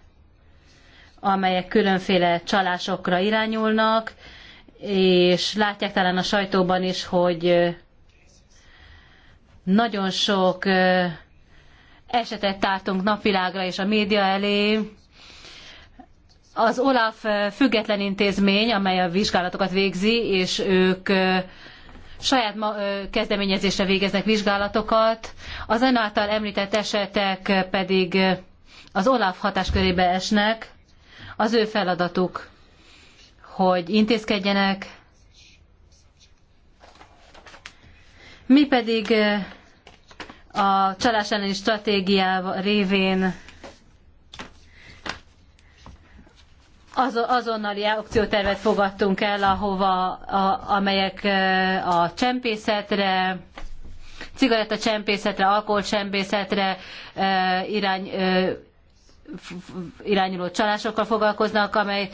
amelyek különféle csalásokra irányulnak, és látják talán a sajtóban is, hogy nagyon sok esetet tártunk napvilágra és a média elé, az OLAF eh, független intézmény, amely a vizsgálatokat végzi, és ők eh, saját ma, eh, kezdeményezésre végeznek vizsgálatokat. Az ön által említett esetek pedig az OLAF hatáskörébe esnek. Az ő feladatuk, hogy intézkedjenek. Mi pedig a csalás elleni stratégiával révén azonnali akciótervet fogadtunk el, ahova, a, amelyek a csempészetre, cigarettacsempészetre, alkoholcsempészetre irány, irányuló csalásokkal foglalkoznak, amely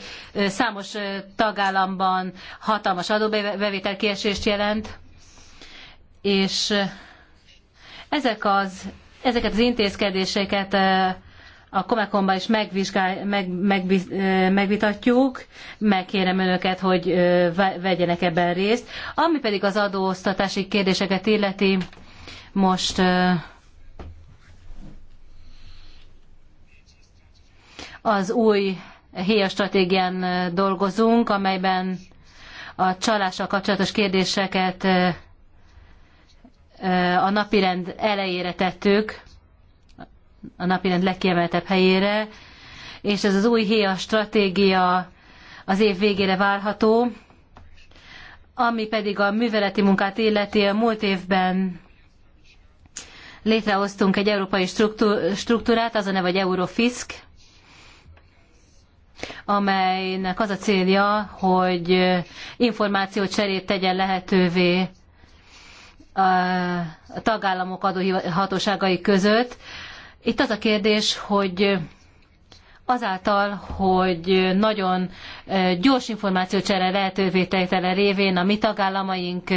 számos tagállamban hatalmas adóbevétel kiesést jelent, és ezek az, ezeket az intézkedéseket a Komekomban is megvizsgál, meg, meg, megvitatjuk, megkérem önöket, hogy vegyenek ebben részt. Ami pedig az adóztatási kérdéseket illeti, most az új héja stratégián dolgozunk, amelyben a csalással kapcsolatos kérdéseket a napirend elejére tettük, a napirend legkiemeltebb helyére, és ez az új héja e stratégia az év végére várható, ami pedig a műveleti munkát illeti, a múlt évben létrehoztunk egy európai struktúrát, az a neve, hogy Eurofisk, amelynek az a célja, hogy információcserét tegyen lehetővé a tagállamok adóhatóságai között itt az a kérdés, hogy azáltal, hogy nagyon gyors információcsere lehetővé tétele révén a mi tagállamaink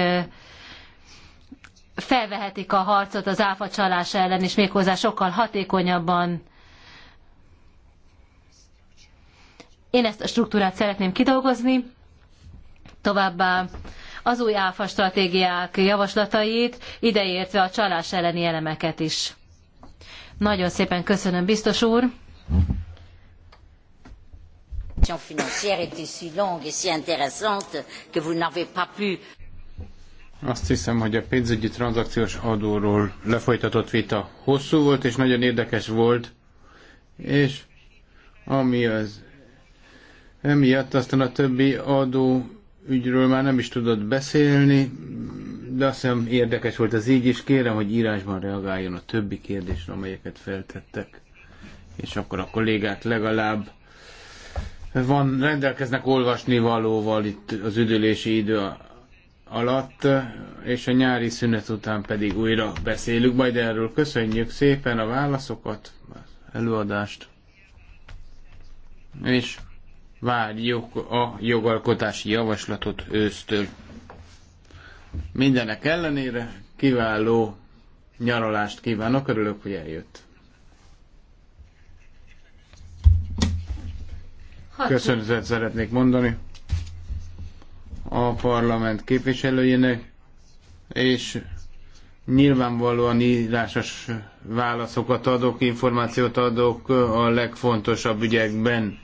felvehetik a harcot az áfa csalás ellen, és méghozzá sokkal hatékonyabban. Én ezt a struktúrát szeretném kidolgozni, továbbá az új áfa stratégiák javaslatait, ideértve a csalás elleni elemeket is. Nagyon szépen köszönöm, biztos úr. azt hiszem, hogy a pénzügyi tranzakciós adóról lefolytatott vita hosszú volt, és nagyon érdekes volt, és ami az emiatt aztán a többi adó ügyről már nem is tudott beszélni, de azt hiszem érdekes volt az így, és kérem, hogy írásban reagáljon a többi kérdésre, amelyeket feltettek. És akkor a kollégák legalább van, rendelkeznek olvasni valóval itt az üdülési idő alatt, és a nyári szünet után pedig újra beszélünk majd erről. Köszönjük szépen a válaszokat, az előadást, és várjuk a jogalkotási javaslatot ősztől. Mindenek ellenére kiváló nyaralást kívánok, örülök, hogy eljött. Köszönetet szeretnék mondani a parlament képviselőjének, és nyilvánvalóan írásos válaszokat adok, információt adok a legfontosabb ügyekben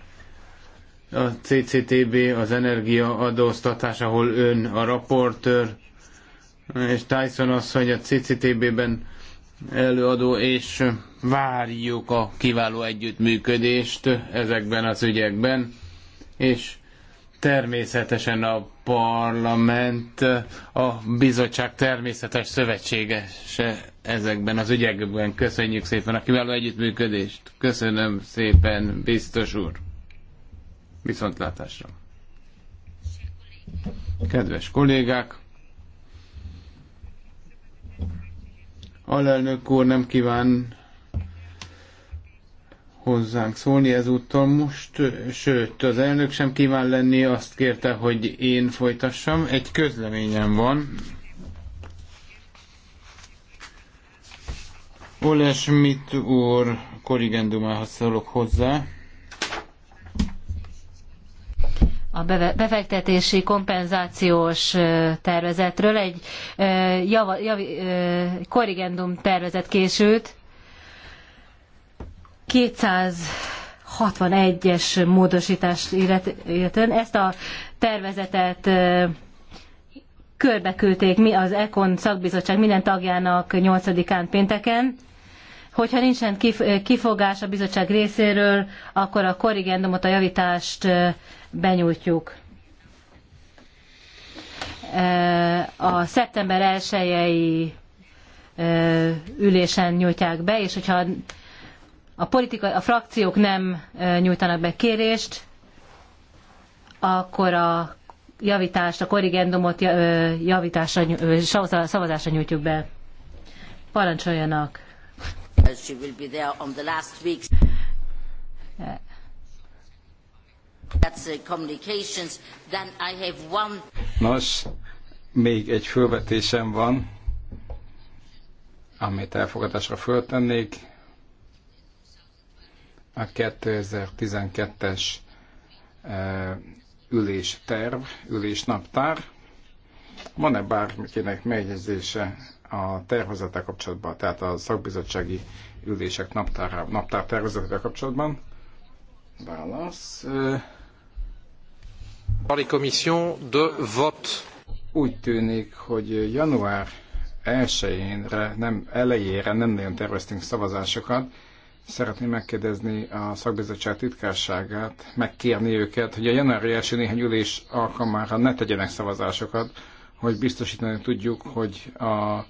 a CCTB, az energia adóztatás, ahol ön a raportőr, és Tyson asszony a CCTB-ben előadó, és várjuk a kiváló együttműködést ezekben az ügyekben, és természetesen a parlament, a bizottság természetes se ezekben az ügyekben. Köszönjük szépen a kiváló együttműködést. Köszönöm szépen, biztos úr. Viszontlátásra! Kedves kollégák! Alelnök úr nem kíván hozzánk szólni ezúttal most, sőt, az elnök sem kíván lenni, azt kérte, hogy én folytassam. Egy közleményem van. Ole Schmidt úr korrigendumához szólok hozzá. a befektetési kompenzációs tervezetről. Egy java, javi, korrigendum tervezet készült, 261-es módosítást illetően. Ezt a tervezetet körbeküldték mi az ECON szakbizottság minden tagjának 8-án pénteken. Hogyha nincsen kifogás a bizottság részéről, akkor a korrigendumot, a javítást benyújtjuk. A szeptember 1 ülésen nyújtják be, és hogyha a, politika, a frakciók nem nyújtanak be kérést, akkor a javítást, a korrigendumot javításra, szavazásra nyújtjuk be. Parancsoljanak! She will be there on the last Yeah. Uh, Nos, még egy fölvetésem van, amit elfogadásra föltennék. A 2012-es eh, ülésterv, ülésnaptár. Van-e bárkinek megjegyzése a tervezettel kapcsolatban, tehát a szakbizottsági ülések naptár, naptár tervezetével kapcsolatban? Válasz. Eh, úgy tűnik, hogy január 1 nem elejére nem nagyon terveztünk szavazásokat. Szeretném megkérdezni a szakbizottság titkárságát, megkérni őket, hogy a január első néhány ülés alkalmára ne tegyenek szavazásokat, hogy biztosítani tudjuk, hogy a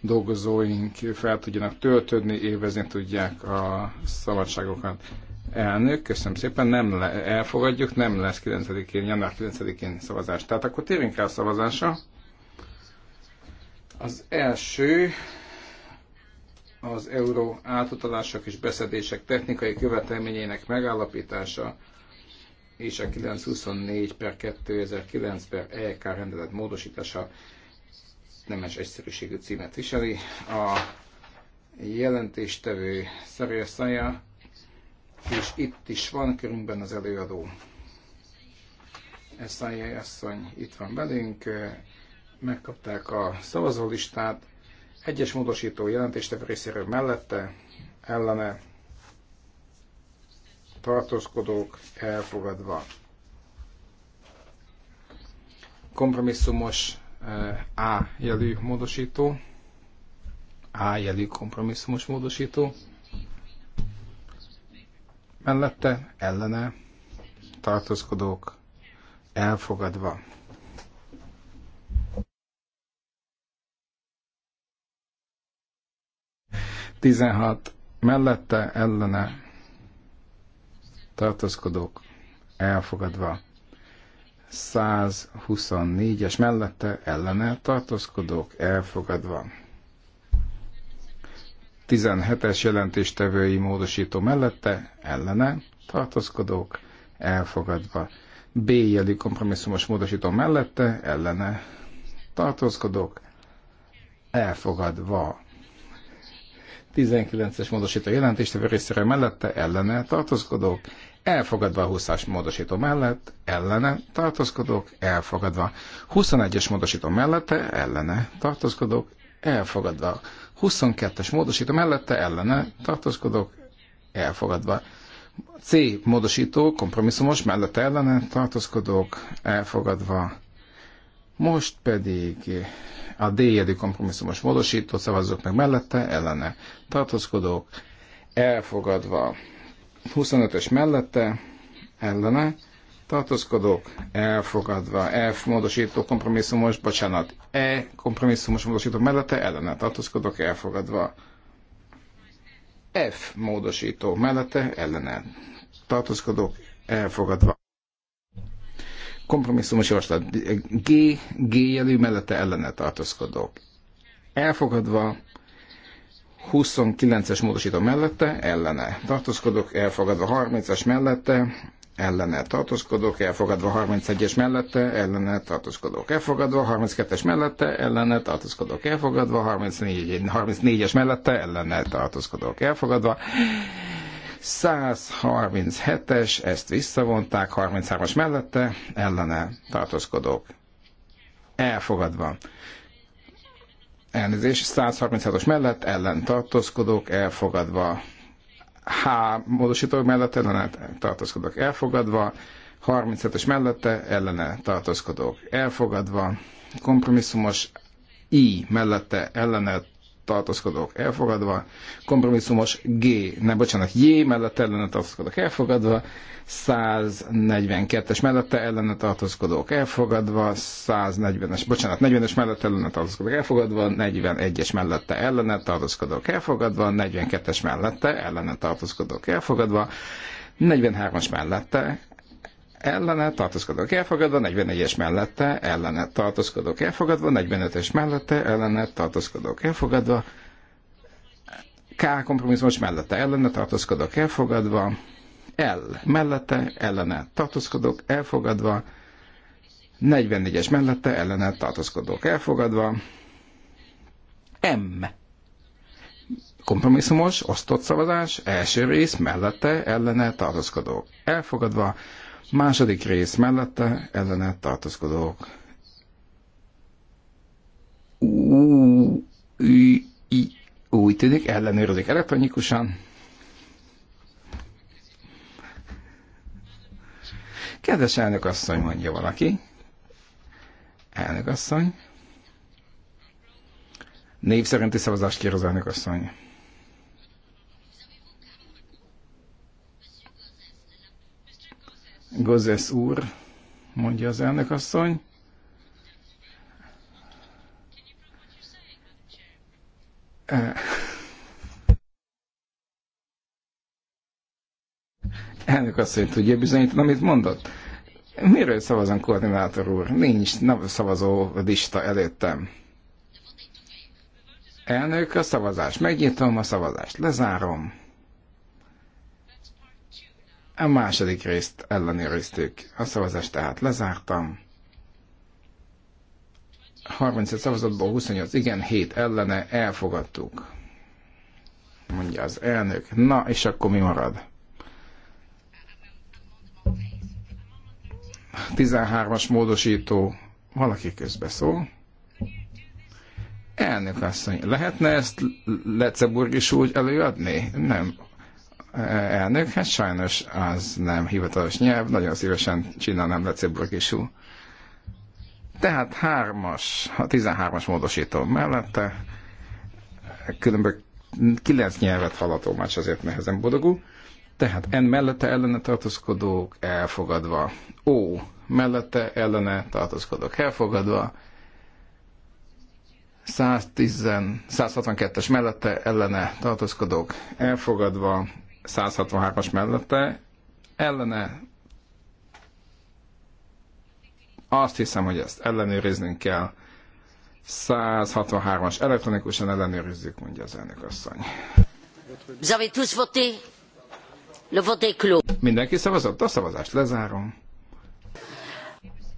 dolgozóink fel tudjanak töltődni, élvezni tudják a szabadságokat. Elnök, köszönöm szépen, nem le, elfogadjuk, nem lesz 9-én, január 9-én szavazás. Tehát akkor térjünk el a szavazásra. Az első az euró átutalások és beszedések technikai követelményeinek megállapítása és a 924 per 2009 per EK rendelet módosítása nemes egyszerűségű címet viseli. A jelentéstevő Szerél Szaja és itt is van körünkben az előadó. Eszájai asszony itt van velünk, megkapták a szavazólistát, egyes módosító jelentéstevő részéről mellette, ellene, tartózkodók elfogadva. Kompromisszumos eh, A jelű módosító, A jelű kompromisszumos módosító, mellette ellene tartózkodók elfogadva. Tizenhat mellette ellene tartózkodók elfogadva. 124-es mellette ellene tartózkodók elfogadva. 17-es jelentéstevői módosító mellette, ellene, tartózkodók, elfogadva. B jelű kompromisszumos módosító mellette, ellene, tartózkodók, elfogadva. 19-es módosító jelentéstevő részére mellette, ellene, tartózkodók, elfogadva a 20-as módosító mellett, ellene tartózkodók, elfogadva. 21-es módosító mellette, ellene tartózkodók, elfogadva. 22-es módosító mellette ellene tartózkodok, elfogadva. C. Módosító, kompromisszumos, mellette ellene tartózkodok, elfogadva. Most pedig a D. jegyű kompromisszumos módosítót szavazzuk meg mellette, ellene tartózkodok, elfogadva. 25-ös mellette, ellene tartózkodók elfogadva, F kompromisszumos, bocsánat, E kompromisszumos módosító mellette ellene tartózkodók elfogadva, F módosító mellette ellene tartózkodók elfogadva. Kompromisszumos javaslat G, G jelű mellette ellene tartózkodók elfogadva, 29-es módosító mellette ellene tartózkodók elfogadva, 30 es mellette ellene tartózkodók, elfogadva 31-es mellette, ellene tartózkodók, elfogadva 32-es mellette, ellene tartózkodók, elfogadva 34-es mellette, ellene tartózkodók, elfogadva 137-es, ezt visszavonták, 33-as mellette, ellene tartózkodók, elfogadva. Elnézést, 136-os mellett ellen tartózkodók, elfogadva H módosító mellett ellene tartózkodók elfogadva, 37-es mellette ellene tartózkodók elfogadva, kompromisszumos I mellette ellene tartózkodók elfogadva, kompromisszumos G, nem bocsánat, J mellett ellene tartózkodók elfogadva, 142-es mellette ellene tartózkodók elfogadva, 140-es, bocsánat, 40-es mellett ellene tartózkodók elfogadva, 41-es mellette ellene tartózkodók elfogadva, 42-es mellette ellene tartózkodók elfogadva, 43-as mellette ellene tartózkodók elfogadva, 44 es mellette ellene tartózkodók elfogadva, 45-es mellette ellene tartózkodók elfogadva, K kompromisszumos mellette ellene tartózkodók elfogadva, L mellette ellene tartózkodók elfogadva, 44-es mellette ellene tartózkodók elfogadva, M kompromisszumos, osztott szavazás, első rész mellette ellene tartózkodók elfogadva, Második rész mellette ellene tartózkodók. Úgy tűnik, ellenőrzik elektronikusan. Kedves elnök asszony, mondja valaki. Elnök asszony. Név szerinti szavazást kér az elnök asszony. Gozesz úr, mondja az elnök asszony. E, elnök asszony tudja bizonyítani, amit mondott. Miről szavazom, koordinátor úr? Nincs nem szavazó lista előttem. Elnök, a szavazás. Megnyitom a szavazást. Lezárom. A második részt ellenőriztük. A szavazást tehát lezártam. 35 szavazatból 28 igen, 7 ellene elfogadtuk. Mondja az elnök. Na, és akkor mi marad? 13-as módosító. Valaki közbeszól. Elnök asszony, lehetne ezt Leceburg is úgy előadni? Nem elnök, hát sajnos az nem hivatalos nyelv, nagyon szívesen csinálnám Leceburg is úr. Tehát hármas, a 13-as módosító mellette, különböző kilenc nyelvet hallató, a tolmács, azért nehezen bodogú. Tehát N mellette ellene tartózkodók elfogadva. O mellette ellene tartózkodók elfogadva. 110, 162-es mellette ellene tartózkodók elfogadva. 163-as mellette, ellene azt hiszem, hogy ezt ellenőriznünk kell. 163-as elektronikusan ellenőrizzük, mondja az elnök asszony. Mindenki szavazott, a szavazást lezárom.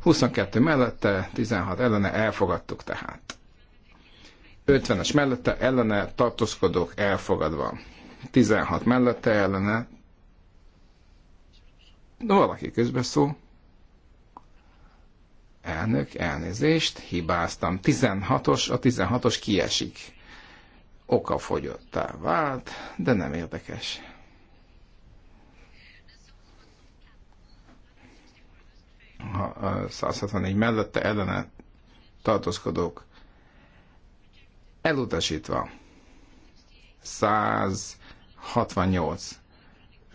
22 mellette, 16 ellene, elfogadtuk tehát. 50-es mellette, ellene, tartózkodók elfogadva. 16 mellette ellene. De valaki közbeszól. Elnök, elnézést, hibáztam. 16-os, a 16-os kiesik. fogyottá vált, de nem érdekes. Ha 164 mellette ellene tartózkodók elutasítva. 100 68.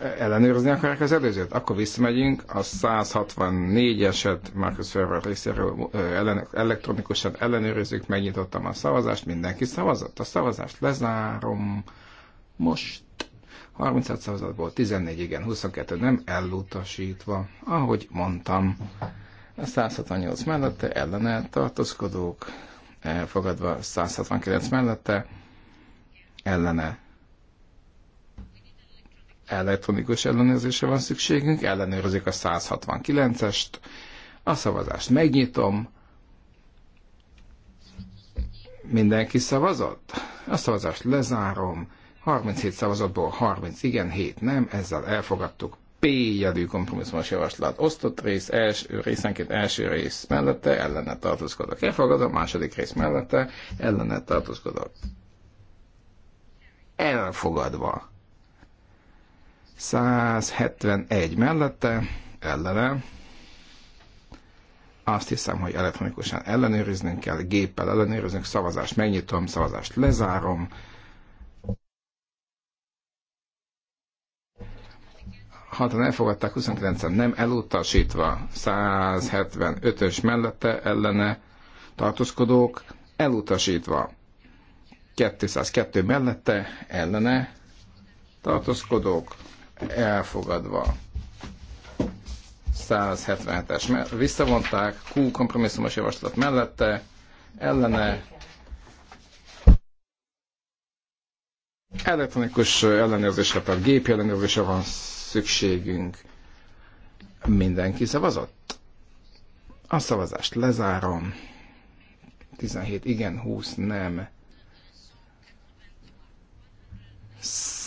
E, ellenőrizni akarják az előzőt? Akkor visszamegyünk, a 164-eset Marcus Ferrer részéről e, ellen, elektronikusan ellenőrizzük, megnyitottam a szavazást, mindenki szavazott, a szavazást lezárom most. 36 szavazatból 14 igen, 22 nem, elutasítva, ahogy mondtam. 168 mellette ellene tartózkodók, elfogadva 169 mellette ellene elektronikus ellenőrzésre van szükségünk, ellenőrzik a 169-est, a szavazást megnyitom, mindenki szavazott, a szavazást lezárom, 37 szavazatból 30 igen, 7 nem, ezzel elfogadtuk P jelű kompromisszumos javaslat. Osztott rész, első, részenként első rész mellette ellene tartózkodok. Elfogadom, második rész mellette ellene tartózkodok. Elfogadva. 171 mellette, ellene. Azt hiszem, hogy elektronikusan ellenőriznünk kell, géppel ellenőriznünk, szavazást megnyitom, szavazást lezárom. Hatan elfogadták, 29-en nem elutasítva, 175-ös mellette ellene tartózkodók, elutasítva. 202 mellette ellene tartózkodók, elfogadva. 177-es visszavonták, Q kompromisszumos javaslat mellette, ellene elektronikus ellenőrzésre, tehát gép ellenőrzésre van szükségünk. Mindenki szavazott? A szavazást lezárom. 17 igen, 20 nem.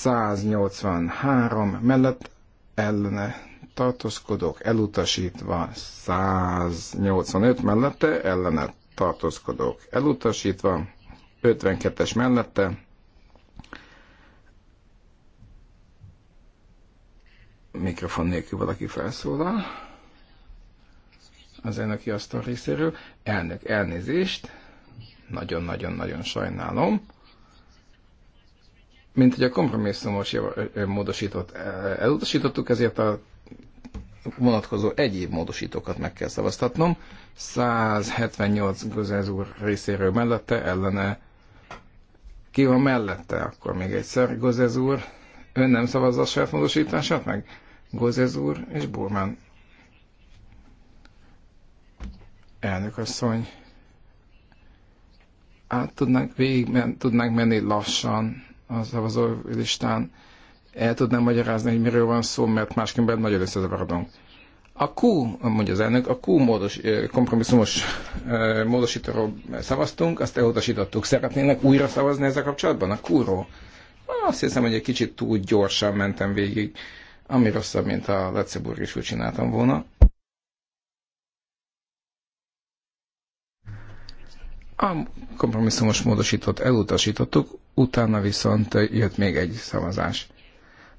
183 mellett ellene tartózkodók elutasítva, 185 mellette ellene tartózkodók elutasítva, 52-es mellette, mikrofon nélkül valaki felszólal az elnöki asztal részéről. Elnök, elnézést, nagyon-nagyon-nagyon sajnálom mint hogy a kompromisszumos módosítót elutasítottuk, ezért a vonatkozó egyéb módosítókat meg kell szavaztatnom. 178 Gözez úr részéről mellette, ellene ki van mellette, akkor még egyszer Gözez úr, ön nem szavazza a saját módosítását meg? Gözez úr és Burman. Elnök asszony, át tudnánk végig, men, tudnánk menni lassan, a szavazó listán. El tudnám magyarázni, hogy miről van szó, mert másképpen nagyon összezavarodunk. A Q, mondja az elnök, a Q módos, kompromisszumos módosítóról szavaztunk, azt elutasítottuk. Szeretnének újra szavazni ezzel kapcsolatban? A Q-ról? Azt hiszem, hogy egy kicsit túl gyorsan mentem végig, ami rosszabb, mint a Leceburg is csináltam volna. A kompromisszumos módosítót elutasítottuk, utána viszont jött még egy szavazás.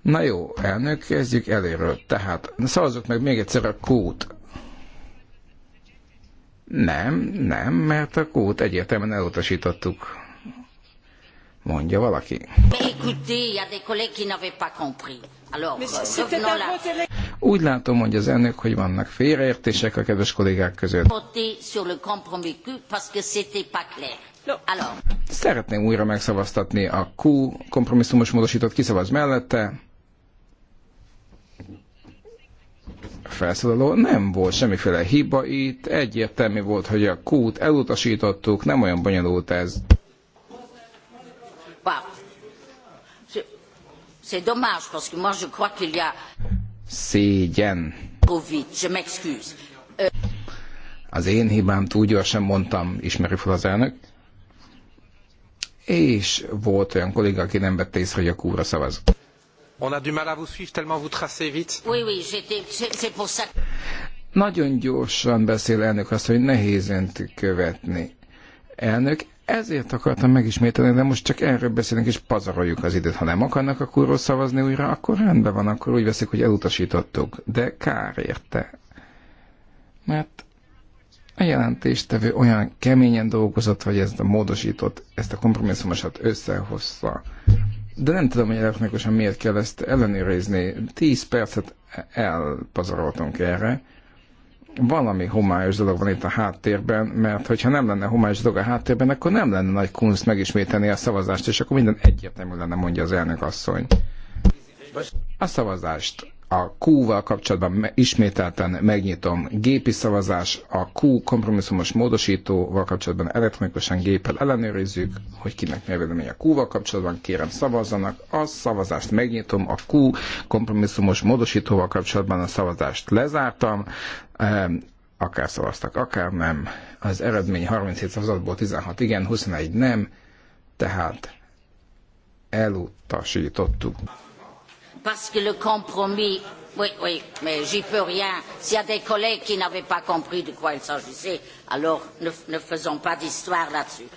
Na jó, elnök, kezdjük előről. Tehát szavazok meg még egyszer a kút. Nem, nem, mert a kút egyértelműen elutasítottuk. Mondja valaki. Euh, Úgy látom, hogy az elnök, hogy vannak félreértések a kedves kollégák között. Szeretném újra megszavaztatni a Q kompromisszumos módosított kiszavaz mellette. Felszólaló, nem volt semmiféle hiba itt, egyértelmű volt, hogy a Q-t elutasítottuk, nem olyan bonyolult ez. szégyen. Euh, az én hibám, túl gyorsan mondtam, ismeri fel az elnök és volt olyan kolléga, aki nem vette észre, hogy a kúra szavaz. On a du mal à vous suivre tellement vous tracez vite. Oui, oui, c'est pour ça. Nagyon gyorsan beszél elnök azt, hogy nehéz önt követni. Elnök, ezért akartam megismételni, de most csak erről beszélünk és pazaroljuk az időt. Ha nem akarnak a kurról szavazni újra, akkor rendben van, akkor úgy veszik, hogy elutasítottuk. De kár érte. Mert a jelentéstevő olyan keményen dolgozott, hogy ezt a módosított, ezt a kompromisszumosat összehozta. De nem tudom, hogy elektronikusan miért kell ezt ellenőrizni. Tíz percet elpazaroltunk erre. Valami homályos dolog van itt a háttérben, mert hogyha nem lenne homályos dolog a háttérben, akkor nem lenne nagy kunsz megismételni a szavazást, és akkor minden egyértelmű lenne, mondja az elnök asszony. A szavazást a Q-val kapcsolatban ismételten megnyitom gépi szavazás, a Q kompromisszumos módosítóval kapcsolatban elektronikusan géppel ellenőrizzük, hogy kinek mi a véleménye a Q-val kapcsolatban, kérem szavazzanak, a szavazást megnyitom, a Q kompromisszumos módosítóval kapcsolatban a szavazást lezártam, akár szavaztak, akár nem, az eredmény 37 szavazatból 16 igen, 21 nem, tehát elutasítottuk parce que le compromis oui, oui, mais j'y peux rien. S'il y a des collègues qui n'avaient pas compris de quoi il s'agissait, alors ne, ne faisons pas d'histoire là-dessus.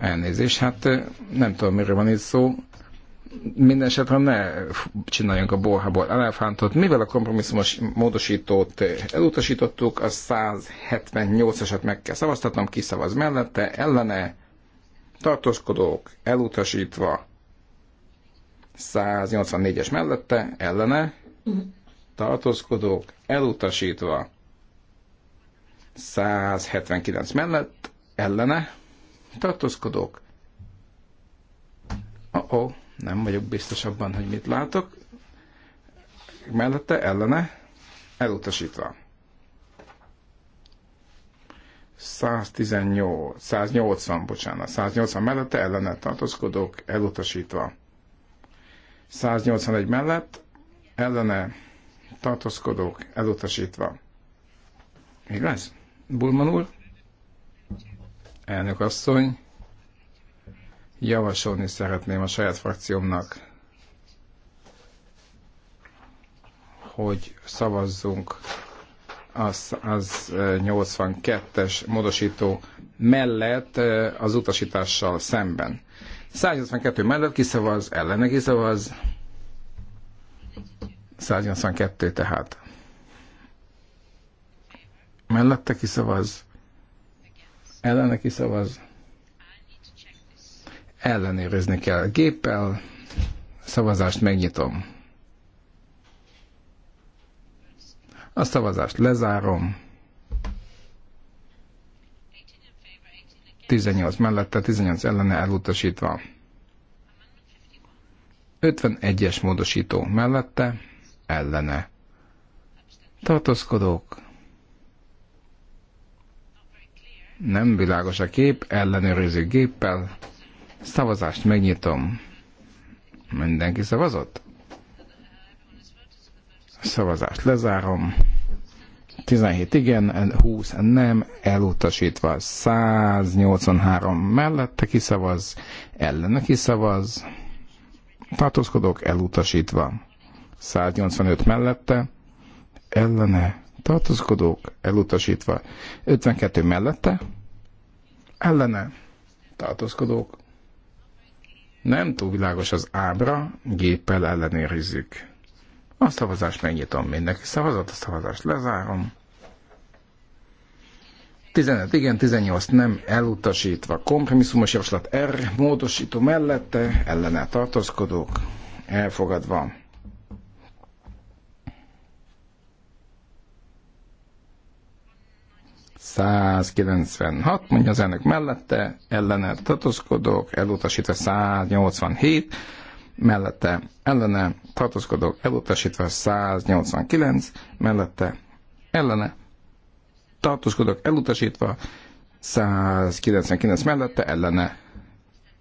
Elnézést, hát nem tudom, miről van itt szó. Mindenesetre ne csináljunk a borhából elefántot. Mivel a kompromisszumos módosítót elutasítottuk, a 178-asat meg kell szavaztatnom, kiszavaz mellette, ellene, tartózkodók, elutasítva, 184-es mellette, ellene, tartózkodók, elutasítva. 179 mellett, ellene, tartózkodók. Oh, -oh nem vagyok biztos abban, hogy mit látok. Mellette, ellene, elutasítva. 118, 180, bocsánat, 180 mellette ellene tartózkodók elutasítva. 181 mellett, ellene tartózkodók elutasítva. Igaz? Bulman úr? Elnök asszony, javasolni szeretném a saját frakciómnak, hogy szavazzunk az, az 82-es módosító mellett az utasítással szemben. 182 mellett kiszavaz, ellene kiszavaz. 182 tehát. Mellette kiszavaz, ellene kiszavaz. Ellenőrizni kell géppel. Szavazást megnyitom. A szavazást lezárom. 18 mellette, 18 ellene elutasítva. 51-es módosító mellette, ellene. Tartózkodók. Nem világos a kép, ellenőrző géppel. Szavazást megnyitom. Mindenki szavazott? Szavazást lezárom. 17 igen, 20 nem, elutasítva 183 mellette kiszavaz, ellene kiszavaz, tartózkodok, elutasítva 185 mellette, ellene tartózkodók elutasítva 52 mellette, ellene tartózkodók nem túl világos az ábra, géppel ellenőrizzük. A szavazást megnyitom mindenki. Szavazat, a szavazást, lezárom. 15 igen, 18 nem elutasítva. Kompromisszumos javaslat R, módosító mellette, ellene tartózkodók, elfogadva. ...196, mondja az elnök mellette, ellene tartózkodók, elutasítva 187, mellette ellene tartózkodók elutasítva 189, mellette ellene tartózkodók elutasítva 199 mellette ellene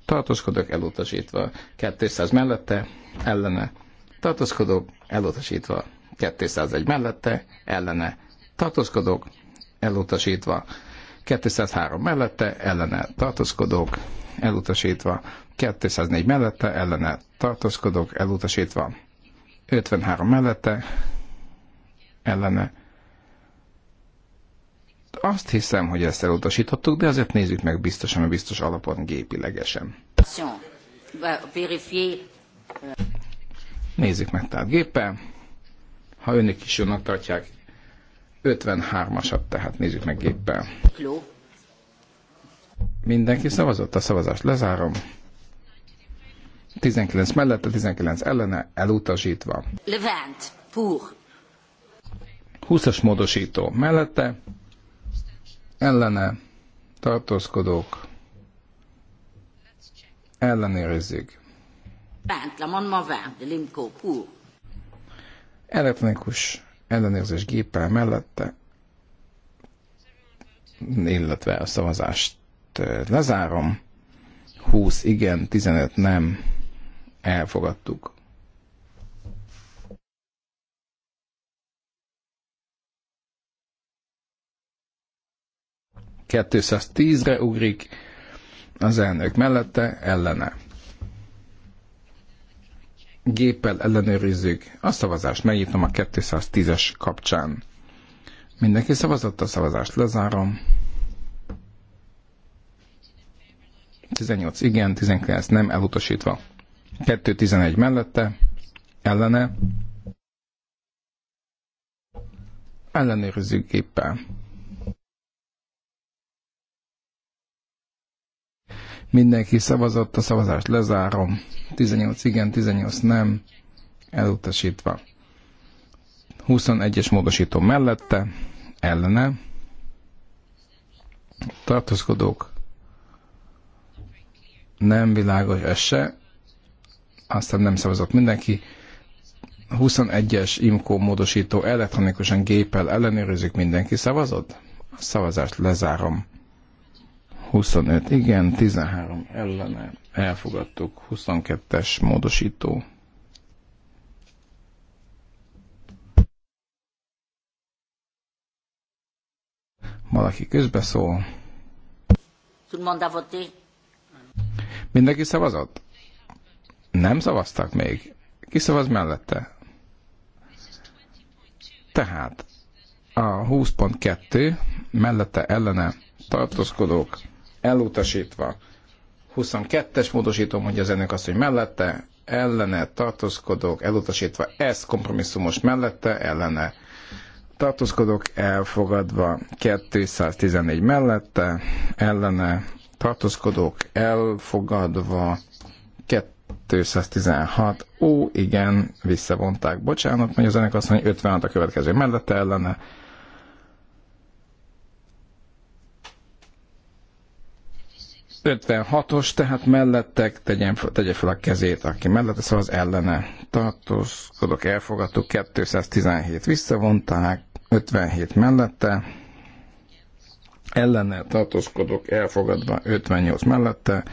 tartózkodók elutasítva 200 mellette ellene tartózkodók elutasítva 201 mellette ellene tartózkodók elutasítva 203 mellette ellene tartózkodók elutasítva, 204 mellette ellene tartózkodók elutasítva, 53 mellette ellene. Azt hiszem, hogy ezt elutasítottuk, de azért nézzük meg biztosan, a biztos alapon gépilegesen. Nézzük meg tehát géppel. Ha önök is jónak tartják, 53-asat, tehát nézzük meg géppel. Mindenki szavazott, a szavazást lezárom. 19 mellette, 19 ellene, elutasítva. Levent, pour. 20-as módosító mellette, ellene, tartózkodók, ellenőrizzük. Levent, l'amendement 20 de Limco, Elektronikus ellenőrzés géppel mellette, illetve a szavazást lezárom. 20 igen, 15 nem. Elfogadtuk. tízre ugrik az elnök mellette, ellene géppel ellenőrizzük a szavazást. Megnyitom a 210-es kapcsán. Mindenki szavazott a szavazást, lezárom. 18 igen, 19 nem, elutasítva. 2-11 mellette, ellene. Ellenőrizzük géppel. Mindenki szavazott, a szavazást lezárom. 18 igen, 18 nem, elutasítva. 21-es módosító mellette, ellene, tartózkodók, nem világos ez se, aztán nem szavazott mindenki. 21-es IMCO módosító elektronikusan géppel ellenőrizzük mindenki szavazott? A szavazást lezárom. 25 igen, 13 ellene elfogadtuk, 22-es módosító. Valaki közbeszól. Mindenki szavazott? Nem szavaztak még. Ki szavaz mellette? Tehát a 20.2 mellette ellene tartózkodók elutasítva. 22-es módosítom, hogy az ennek azt, hogy mellette, ellene, tartózkodok, elutasítva, ez kompromisszumos mellette, ellene, tartózkodok, elfogadva, 214 mellette, ellene, tartózkodok, elfogadva, 216, ó, igen, visszavonták, bocsánat, mondja az ennek azt, hogy 56 a következő mellette, ellene, 56-os, tehát mellettek, tegyen, tegye fel a kezét, aki mellette szavaz szóval ellene. Tartózkodok, elfogadtuk, 217 visszavonták, 57 mellette, ellene tartózkodok, elfogadva 58 mellette,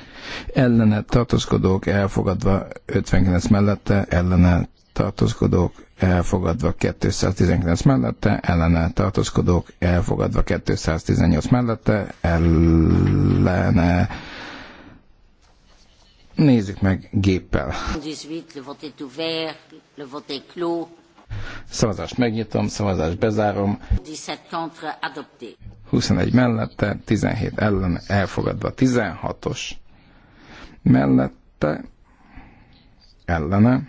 ellene tartózkodok, elfogadva 59 mellette, ellene tartózkodók elfogadva 219 mellette, ellene tartózkodók elfogadva 218 mellette, ellene Nézzük meg géppel. Szavazást megnyitom, szavazást bezárom. 21 mellette, 17 ellen, elfogadva 16-os. Mellette, ellene,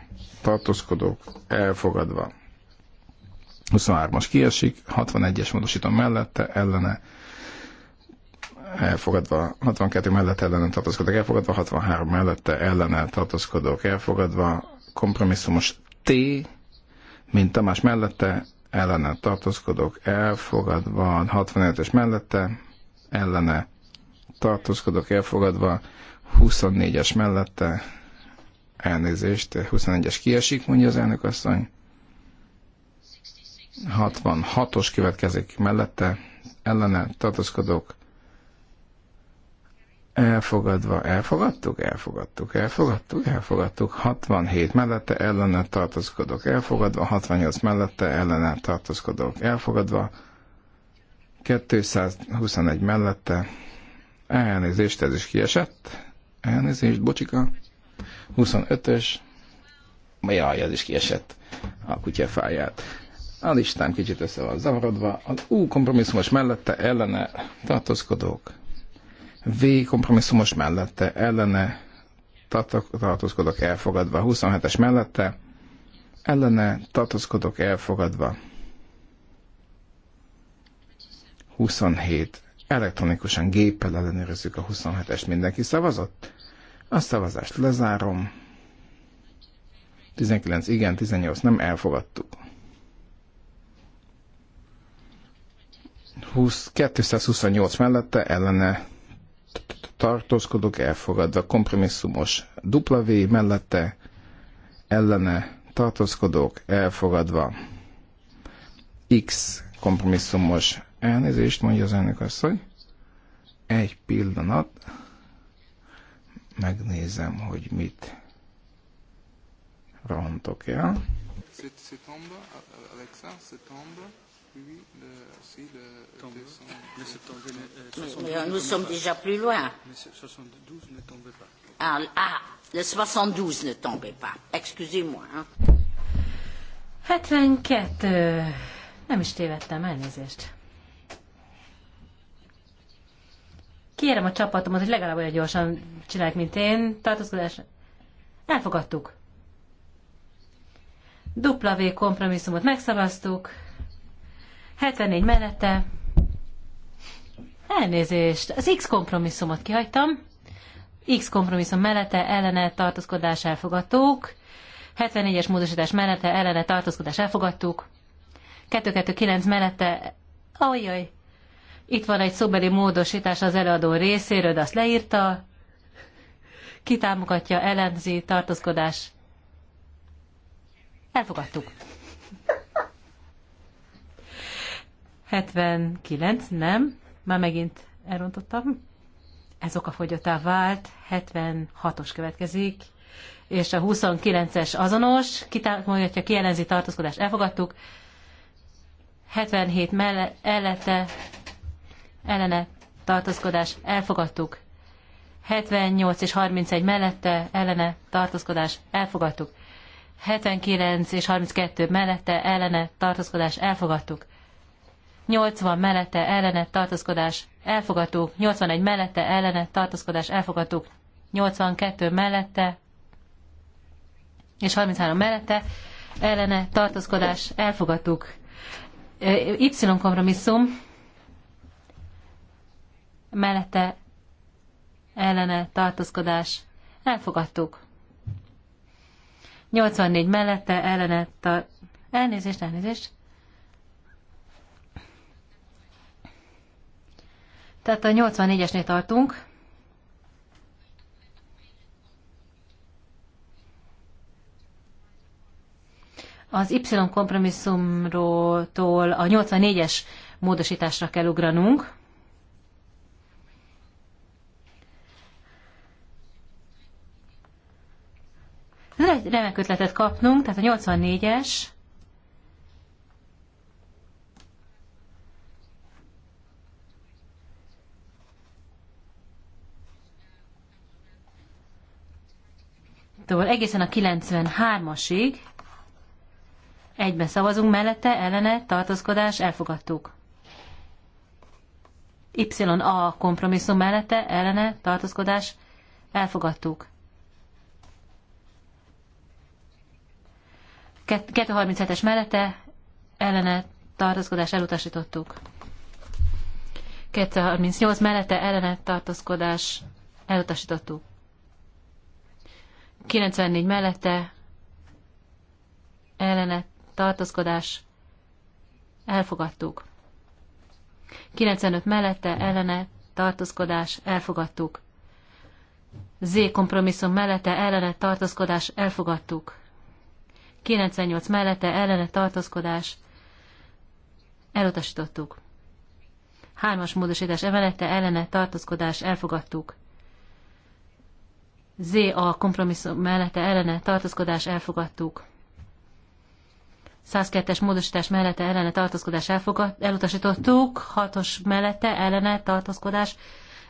tartózkodók elfogadva. 23-as kiesik, 61-es módosítom mellette, ellene elfogadva, 62 mellett ellene tartózkodók elfogadva, 63 mellette ellene tartózkodók elfogadva, kompromisszumos T, mint Tamás mellette, ellene tartózkodók elfogadva, 65 es mellette, ellene tartózkodók elfogadva, 24-es mellette, Elnézést, 21-es kiesik, mondja az elnök asszony. 66-os következik mellette, ellene tartozkodok, elfogadva, elfogadtuk, elfogadtuk, elfogadtuk, elfogadtuk, 67 mellette ellene tartozkodok, elfogadva, 68 mellette ellene tartozkodok, elfogadva, 221 mellette, elnézést, ez is kiesett, elnézést, bocsika, 25-ös, jaj, az is kiesett a kutyafáját. A listám kicsit össze van zavarodva. Az U kompromisszumos mellette ellene tartózkodók. V kompromisszumos mellette ellene tartózkodok elfogadva. 27-es mellette ellene tartózkodok elfogadva. 27. Elektronikusan géppel ellenőrizzük a 27-est. Mindenki szavazott? A szavazást lezárom. 19 igen, 18 nem elfogadtuk. 20, 228 mellette ellene tartózkodok, elfogadva. Kompromisszumos W mellette ellene tartózkodok, elfogadva. X kompromisszumos elnézést, mondja az elnök asszony. Egy pillanat megnézem, hogy mit rontok el. Nous sommes déjà plus loin. Ah, ah, le 72 ne Excusez-moi. Nem is tévedtem, elnézést. Kérem a csapatomat, hogy legalább olyan gyorsan csinálják, mint én. Tartózkodás. Elfogadtuk. W kompromisszumot megszavaztuk. 74 mellette. Elnézést, az X kompromisszumot kihagytam. X kompromisszum mellette ellene tartózkodás elfogadtuk. 74-es módosítás mellette ellene tartózkodás elfogadtuk. 229 mellette, ajjaj, itt van egy szóbeli módosítás az előadó részéről, de azt leírta. kitámogatja, támogatja, ellenzi, tartózkodás. Elfogadtuk. 79, nem. Már megint elrontottam. Ez okafogyottá vált. 76-os következik. És a 29-es azonos. Kitámogatja, támogatja, tartozkodás. Elfogadtuk. 77 mellette ellene tartózkodás elfogadtuk. 78 és 31 mellette ellene tartózkodás elfogadtuk. 79 és 32 mellette ellene tartózkodás elfogadtuk. 80 mellette ellene tartózkodás elfogadtuk. 81 mellette ellene tartózkodás elfogadtuk. 82 mellette és 33 mellette ellene tartózkodás elfogadtuk. Y kompromisszum mellette ellene tartózkodás elfogadtuk. 84 mellette ellene tartózkodás. Elnézést, elnézést. Tehát a 84-esnél tartunk. Az Y kompromisszumról a 84-es módosításra kell ugranunk. egy remek ötletet kapnunk, tehát a 84-es, tól egészen a 93-asig egyben szavazunk, mellette ellene tartózkodás elfogadtuk. Y a kompromisszum mellette ellene tartózkodás elfogadtuk. 237-es mellette ellene tartózkodás elutasítottuk. 238 mellette ellene tartózkodás elutasítottuk. 94 mellette ellene tartózkodás elfogadtuk. 95 mellette ellene tartózkodás elfogadtuk. Z kompromisszum mellette ellene tartózkodás elfogadtuk. 98 mellette ellene tartózkodás elutasítottuk. Hármas módosítás emelette ellene tartózkodás elfogadtuk. Z a kompromisszum mellette ellene tartózkodás elfogadtuk. 102-es módosítás mellette ellene tartózkodás elfogad, elutasítottuk, 6-os mellette ellene tartózkodás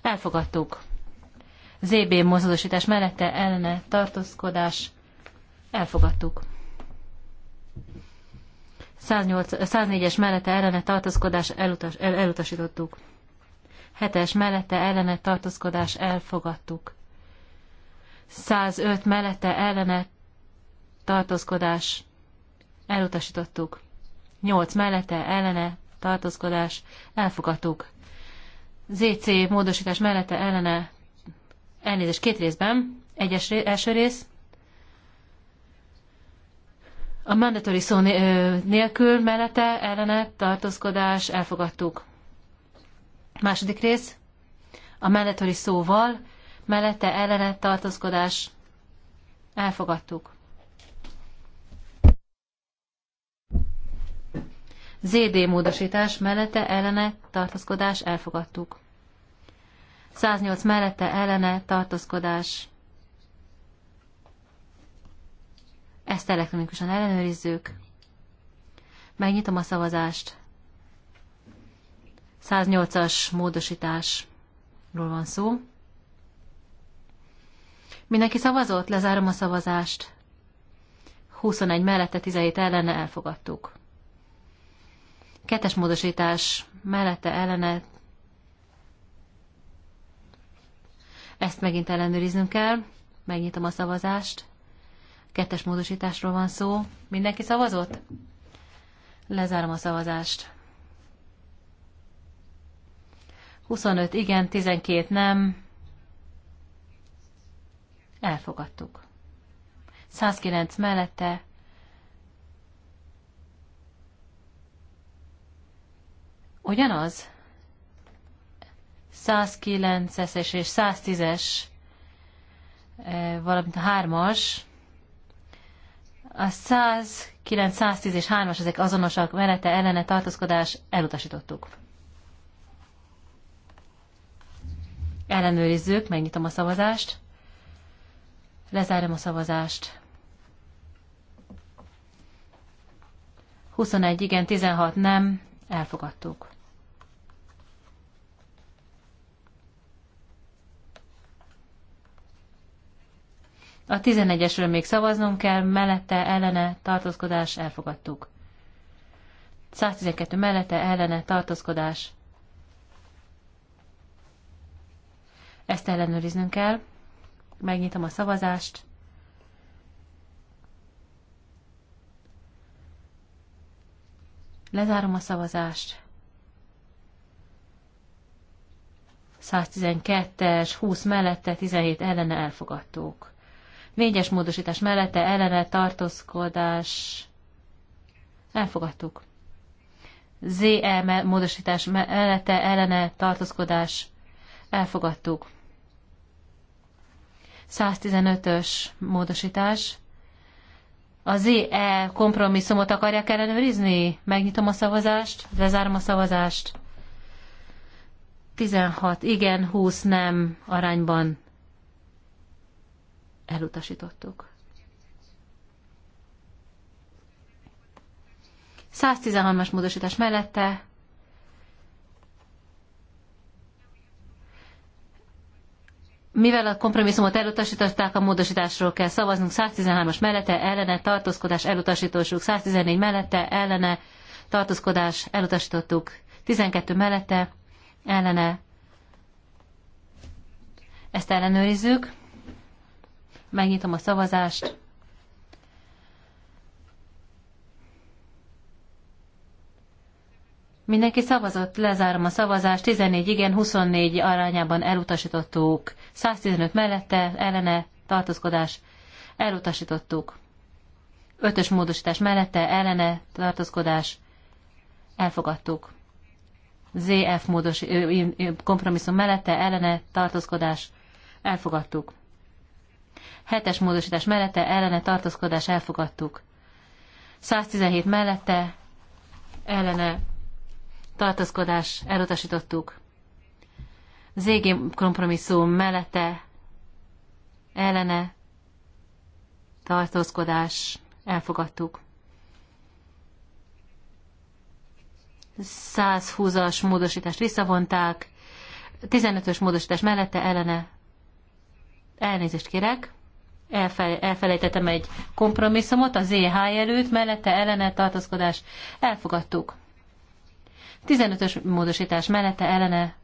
elfogadtuk. ZB módosítás mellette ellene tartózkodás elfogadtuk. 104-es mellette ellene tartózkodás elutas, el, elutasítottuk. 7-es mellette ellene tartózkodás elfogadtuk. 105 mellette ellene tartózkodás elutasítottuk. 8 mellette ellene tartózkodás elfogadtuk. ZC módosítás mellette ellene elnézés két részben. Egyes első rész a mandatory szó nélkül mellette ellene tartózkodás elfogadtuk. Második rész. A mandatory szóval mellette ellene tartózkodás elfogadtuk. ZD módosítás mellette ellene tartózkodás elfogadtuk. 108 mellette ellene tartózkodás Ezt elektronikusan ellenőrizzük. Megnyitom a szavazást. 108-as módosításról van szó. Mindenki szavazott? Lezárom a szavazást. 21 mellette, 17 ellene elfogadtuk. Kettes módosítás mellette ellene. Ezt megint ellenőriznünk kell. Megnyitom a szavazást. Kettes módosításról van szó. Mindenki szavazott? Lezárom a szavazást. 25 igen, 12 nem. Elfogadtuk. 109 mellette. Ugyanaz? 109-es és 110-es, eh, valamint a 3-as a 100, 9, 110 és 3-as, ezek azonosak, mellette ellene tartózkodás, elutasítottuk. Ellenőrizzük, megnyitom a szavazást. Lezárom a szavazást. 21 igen, 16 nem, elfogadtuk. A 11-esről még szavaznunk kell, mellette, ellene, tartózkodás, elfogadtuk. 112 mellette, ellene, tartózkodás. Ezt ellenőriznünk kell. Megnyitom a szavazást. Lezárom a szavazást. 112-es, 20 mellette, 17 ellene elfogadtuk. Négyes módosítás mellette ellene tartózkodás elfogadtuk. ZE módosítás mellette ellene tartózkodás elfogadtuk. 115-ös módosítás. A ZE kompromisszumot akarják ellenőrizni? Megnyitom a szavazást, lezárom a szavazást. 16 igen, 20 nem arányban elutasítottuk. 113-as módosítás mellette Mivel a kompromisszumot elutasították, a módosításról kell szavaznunk. 113-as mellette ellene tartózkodás elutasítósuk. 114 mellette ellene tartózkodás elutasítottuk. 12 mellette ellene. Ezt ellenőrizzük. Megnyitom a szavazást. Mindenki szavazott, lezárom a szavazást, 14 igen, 24 arányában elutasítottuk, 115 mellette, ellene, tartózkodás, elutasítottuk. Ötös módosítás mellette, ellene, tartózkodás, elfogadtuk. ZF módos kompromisszum mellette, ellene, tartózkodás, elfogadtuk. Hetes módosítás mellette ellene tartózkodás elfogadtuk. 117 mellette ellene tartózkodás elutasítottuk. ZG kompromisszum mellette ellene tartózkodás elfogadtuk. 120-as módosítást visszavonták, 15-ös módosítás mellette ellene elnézést kérek, elfel, elfelejtettem egy kompromisszumot, az EH előtt, mellette ellene tartózkodás elfogadtuk. 15-ös módosítás mellette ellene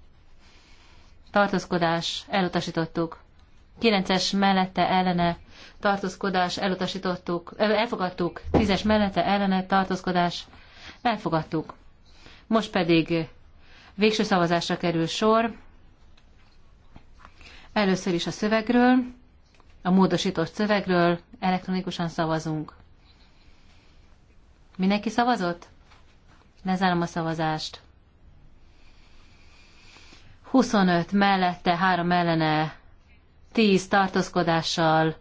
tartózkodás elutasítottuk. 9-es mellette ellene tartózkodás elutasítottuk, elfogadtuk. 10-es mellette ellene tartózkodás elfogadtuk. Most pedig végső szavazásra kerül sor. Először is a szövegről. A módosított szövegről elektronikusan szavazunk. Mindenki szavazott? Lezárom a szavazást. 25 mellette, 3 ellene, 10 tartózkodással,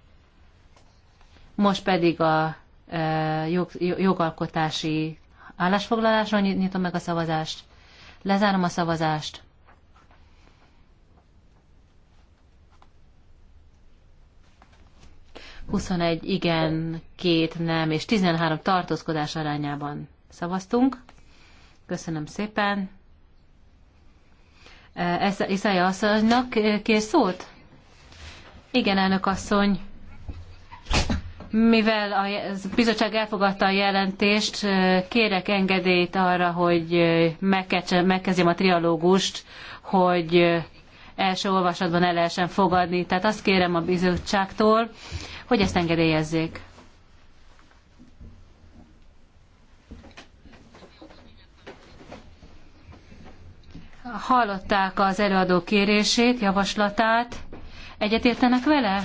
most pedig a e, jog, jogalkotási állásfoglalásra nyitom meg a szavazást. Lezárom a szavazást. 21 igen, 2 nem és 13 tartózkodás arányában szavaztunk. Köszönöm szépen. E, Iszája asszonynak kér szót? Igen, elnök asszony. Mivel a bizottság elfogadta a jelentést, e, kérek engedélyt arra, hogy e, megkezdjem a trialógust, hogy első olvasatban el lehessen fogadni. Tehát azt kérem a bizottságtól, hogy ezt engedélyezzék. Hallották az előadó kérését, javaslatát. Egyetértenek vele?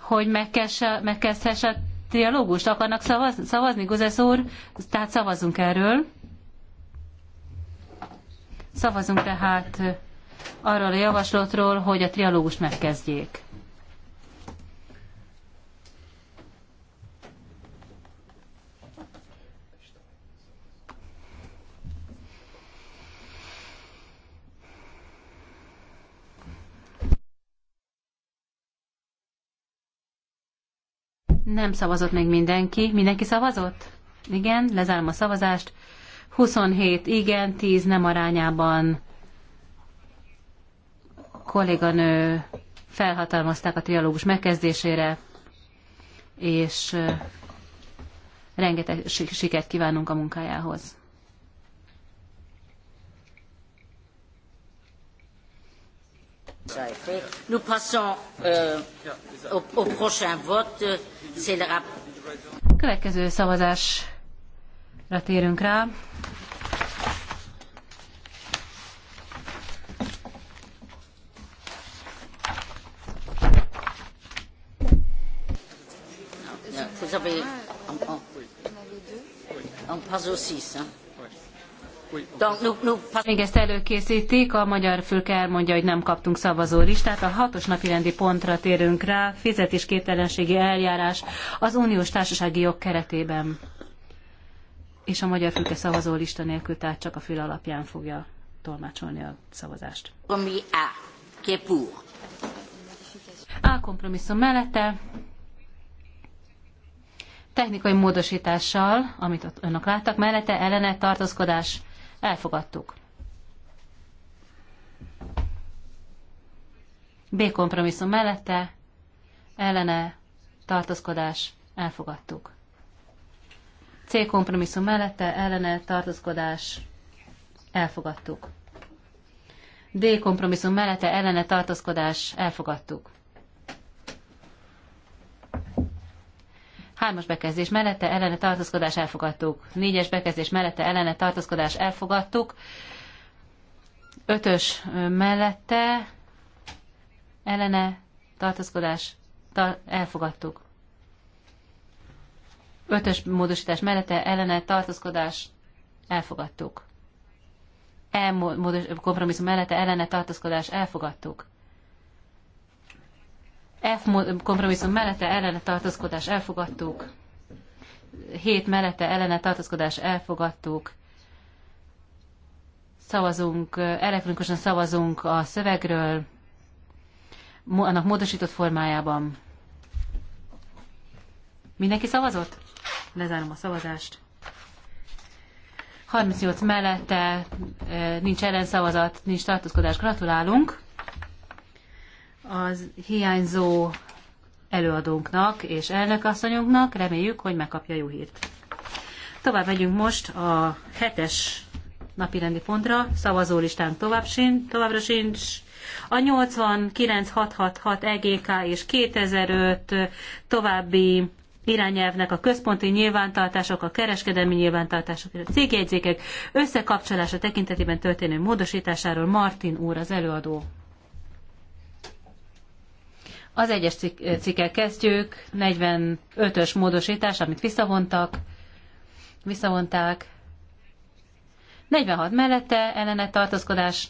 Hogy megkezdhesse a dialógust? Akarnak szavaz, szavazni, Gozesz úr? Tehát szavazunk erről. Szavazunk tehát arról a javaslatról, hogy a trialógust megkezdjék. Nem szavazott még mindenki. Mindenki szavazott? Igen, lezárom a szavazást. 27 igen, 10 nem arányában kolléganő felhatalmazták a trialógus megkezdésére, és rengeteg sikert kívánunk a munkájához. Nous passons euh, au, au prochain vote. C'est le rap... Következő szavazásra térünk rá. avez... On, on, on passe au 6, hein? Még ezt előkészítik, a magyar fülke elmondja, hogy nem kaptunk szavazó listát. A hatos napirendi pontra térünk rá, fizetésképtelenségi eljárás az uniós társasági jog keretében. És a magyar fülke szavazó lista nélkül, tehát csak a fül alapján fogja tolmácsolni a szavazást. A kompromisszum mellette, technikai módosítással, amit ott önök láttak, mellette ellene tartózkodás elfogadtuk. B kompromisszum mellette ellene tartózkodás elfogadtuk. C kompromisszum mellette ellene tartózkodás elfogadtuk. D kompromisszum mellette ellene tartózkodás elfogadtuk. Hármas bekezdés mellette ellene tartózkodás elfogadtuk. Négyes bekezdés mellette ellene tartózkodás elfogadtuk. Ötös mellette ellene tartózkodás tar- elfogadtuk. Ötös módosítás mellette ellene tartózkodás elfogadtuk. E kompromisszum mellette ellene tartózkodás elfogadtuk. F kompromisszum mellette ellene tartózkodás elfogadtuk. 7 mellette ellene tartózkodás elfogadtuk. Szavazunk, elektronikusan szavazunk a szövegről, annak módosított formájában. Mindenki szavazott? Lezárom a szavazást. 38 mellette eh, nincs ellenszavazat, nincs tartózkodás. Gratulálunk! az hiányzó előadónknak és elnökasszonyunknak. Reméljük, hogy megkapja jó hírt. Tovább megyünk most a hetes napirendi pontra, szavazólistán tovább sin, továbbra sincs. A 89666 EGK és 2005 további irányelvnek a központi nyilvántartások, a kereskedelmi nyilvántartások és a cégjegyzékek összekapcsolása tekintetében történő módosításáról Martin úr az előadó. Az egyes cikkel eh, kezdjük, 45-ös módosítás, amit visszavontak, visszavonták. 46 mellette ellene tartózkodás,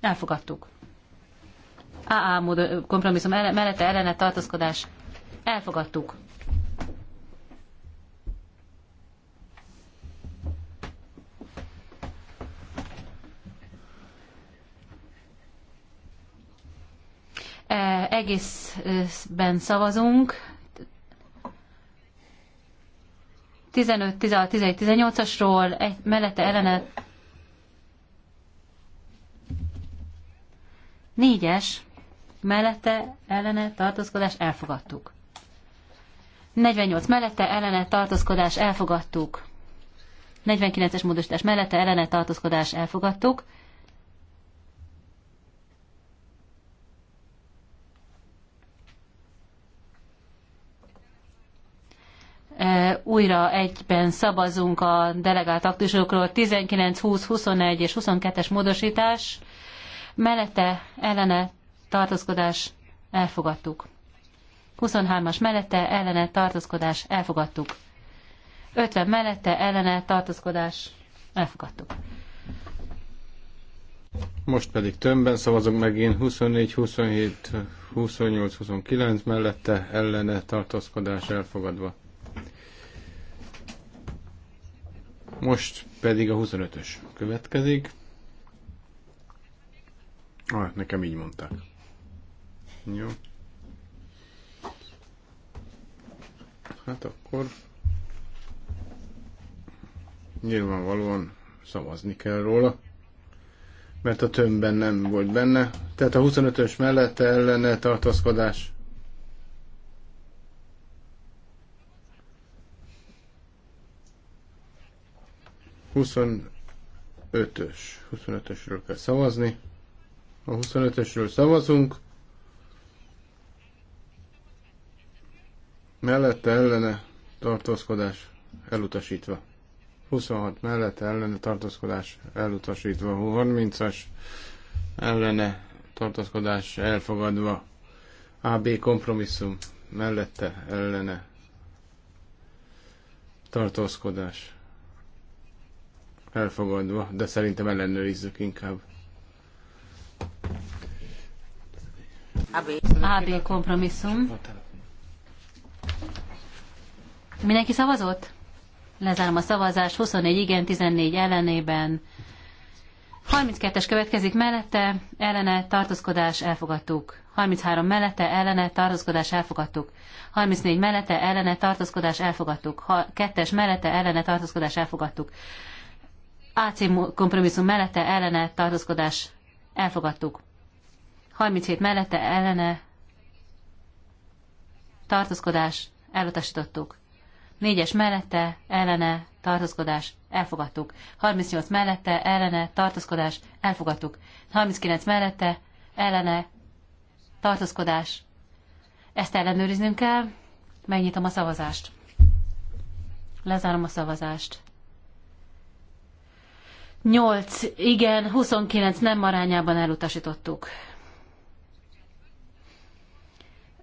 elfogadtuk. AA módo kompromisszum mellette ellene tartózkodás, elfogadtuk. E, egészben e, szavazunk. 15, 16, 11, 18-asról, egy, mellette ellene négyes, mellette ellene tartózkodás elfogadtuk. 48 mellette ellene tartózkodás elfogadtuk. 49-es módosítás mellette ellene tartózkodás elfogadtuk. E, újra egyben szavazunk a delegált aktusokról 19, 20, 21 és 22-es módosítás. Mellette ellene tartózkodás elfogadtuk. 23-as mellette ellene tartózkodás elfogadtuk. 50 mellette ellene tartózkodás elfogadtuk. Most pedig tömbben szavazunk megint 24, 27, 28, 29 mellette ellene tartózkodás elfogadva. Most pedig a 25-ös következik. Ah, nekem így mondták. Jó. Hát akkor nyilvánvalóan szavazni kell róla, mert a tömbben nem volt benne. Tehát a 25-ös mellett ellene tartózkodás 25-ös. 25-ösről kell szavazni. A 25-ösről szavazunk. Mellette ellene tartózkodás elutasítva. 26 mellette ellene tartózkodás elutasítva. 30-as ellene tartózkodás elfogadva. AB kompromisszum mellette ellene tartózkodás elfogadva, de szerintem ellenőrizzük inkább. AB kompromisszum. Mindenki szavazott? Lezárom a szavazást, 24 igen, 14 ellenében. 32-es következik mellette, ellene tartózkodás elfogadtuk. 33 mellette, ellene tartózkodás elfogadtuk. 34 mellette, ellene tartózkodás elfogadtuk. 2-es mellette, ellene tartózkodás elfogadtuk. AC kompromisszum mellette ellene tartózkodás elfogadtuk. 37 mellette ellene tartózkodás elutasítottuk. 4-es mellette ellene tartózkodás elfogadtuk. 38 mellette ellene tartózkodás elfogadtuk. 39 mellette ellene tartózkodás. Ezt ellenőriznünk kell. Megnyitom a szavazást. Lezárom a szavazást. 8 igen, 29 nem arányában elutasítottuk.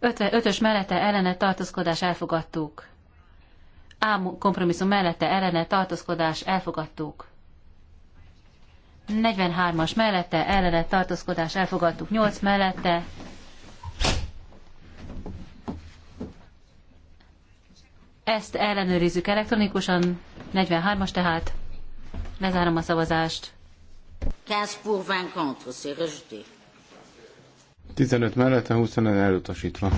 55-ös mellette ellene tartózkodás elfogadtuk. Ám kompromisszum mellette ellene tartózkodás elfogadtuk. 43-as mellette ellene tartózkodás elfogadtuk. 8 mellette Ezt ellenőrizzük elektronikusan, 43-as tehát. Lezárom a szavazást. 15 pour 20 contre, elutasítva.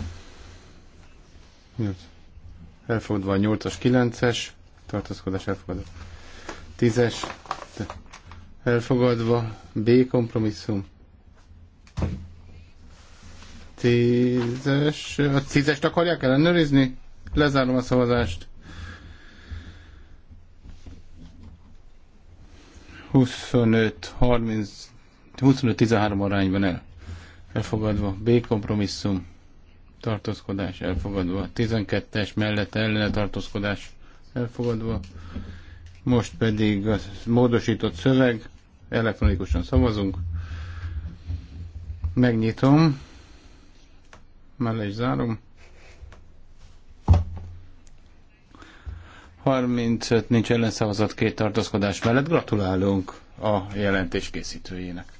Elfogadva a 8-as, 9-es, tartózkodás elfogadva. 10-es, elfogadva, B kompromisszum. 10-es, a 10-est akarják ellenőrizni? Lezárom a szavazást. 25 13 arányban el. Elfogadva. B kompromisszum. Tartózkodás elfogadva. 12-es mellett ellene tartózkodás elfogadva. Most pedig a módosított szöveg. Elektronikusan szavazunk. Megnyitom. Mellé is zárom. 35 nincs ellenszavazat, két tartózkodás mellett. Gratulálunk a jelentés készítőjének.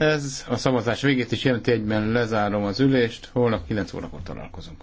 Ez a szavazás végét is jelenti, egyben lezárom az ülést, holnap 9 órakor találkozunk.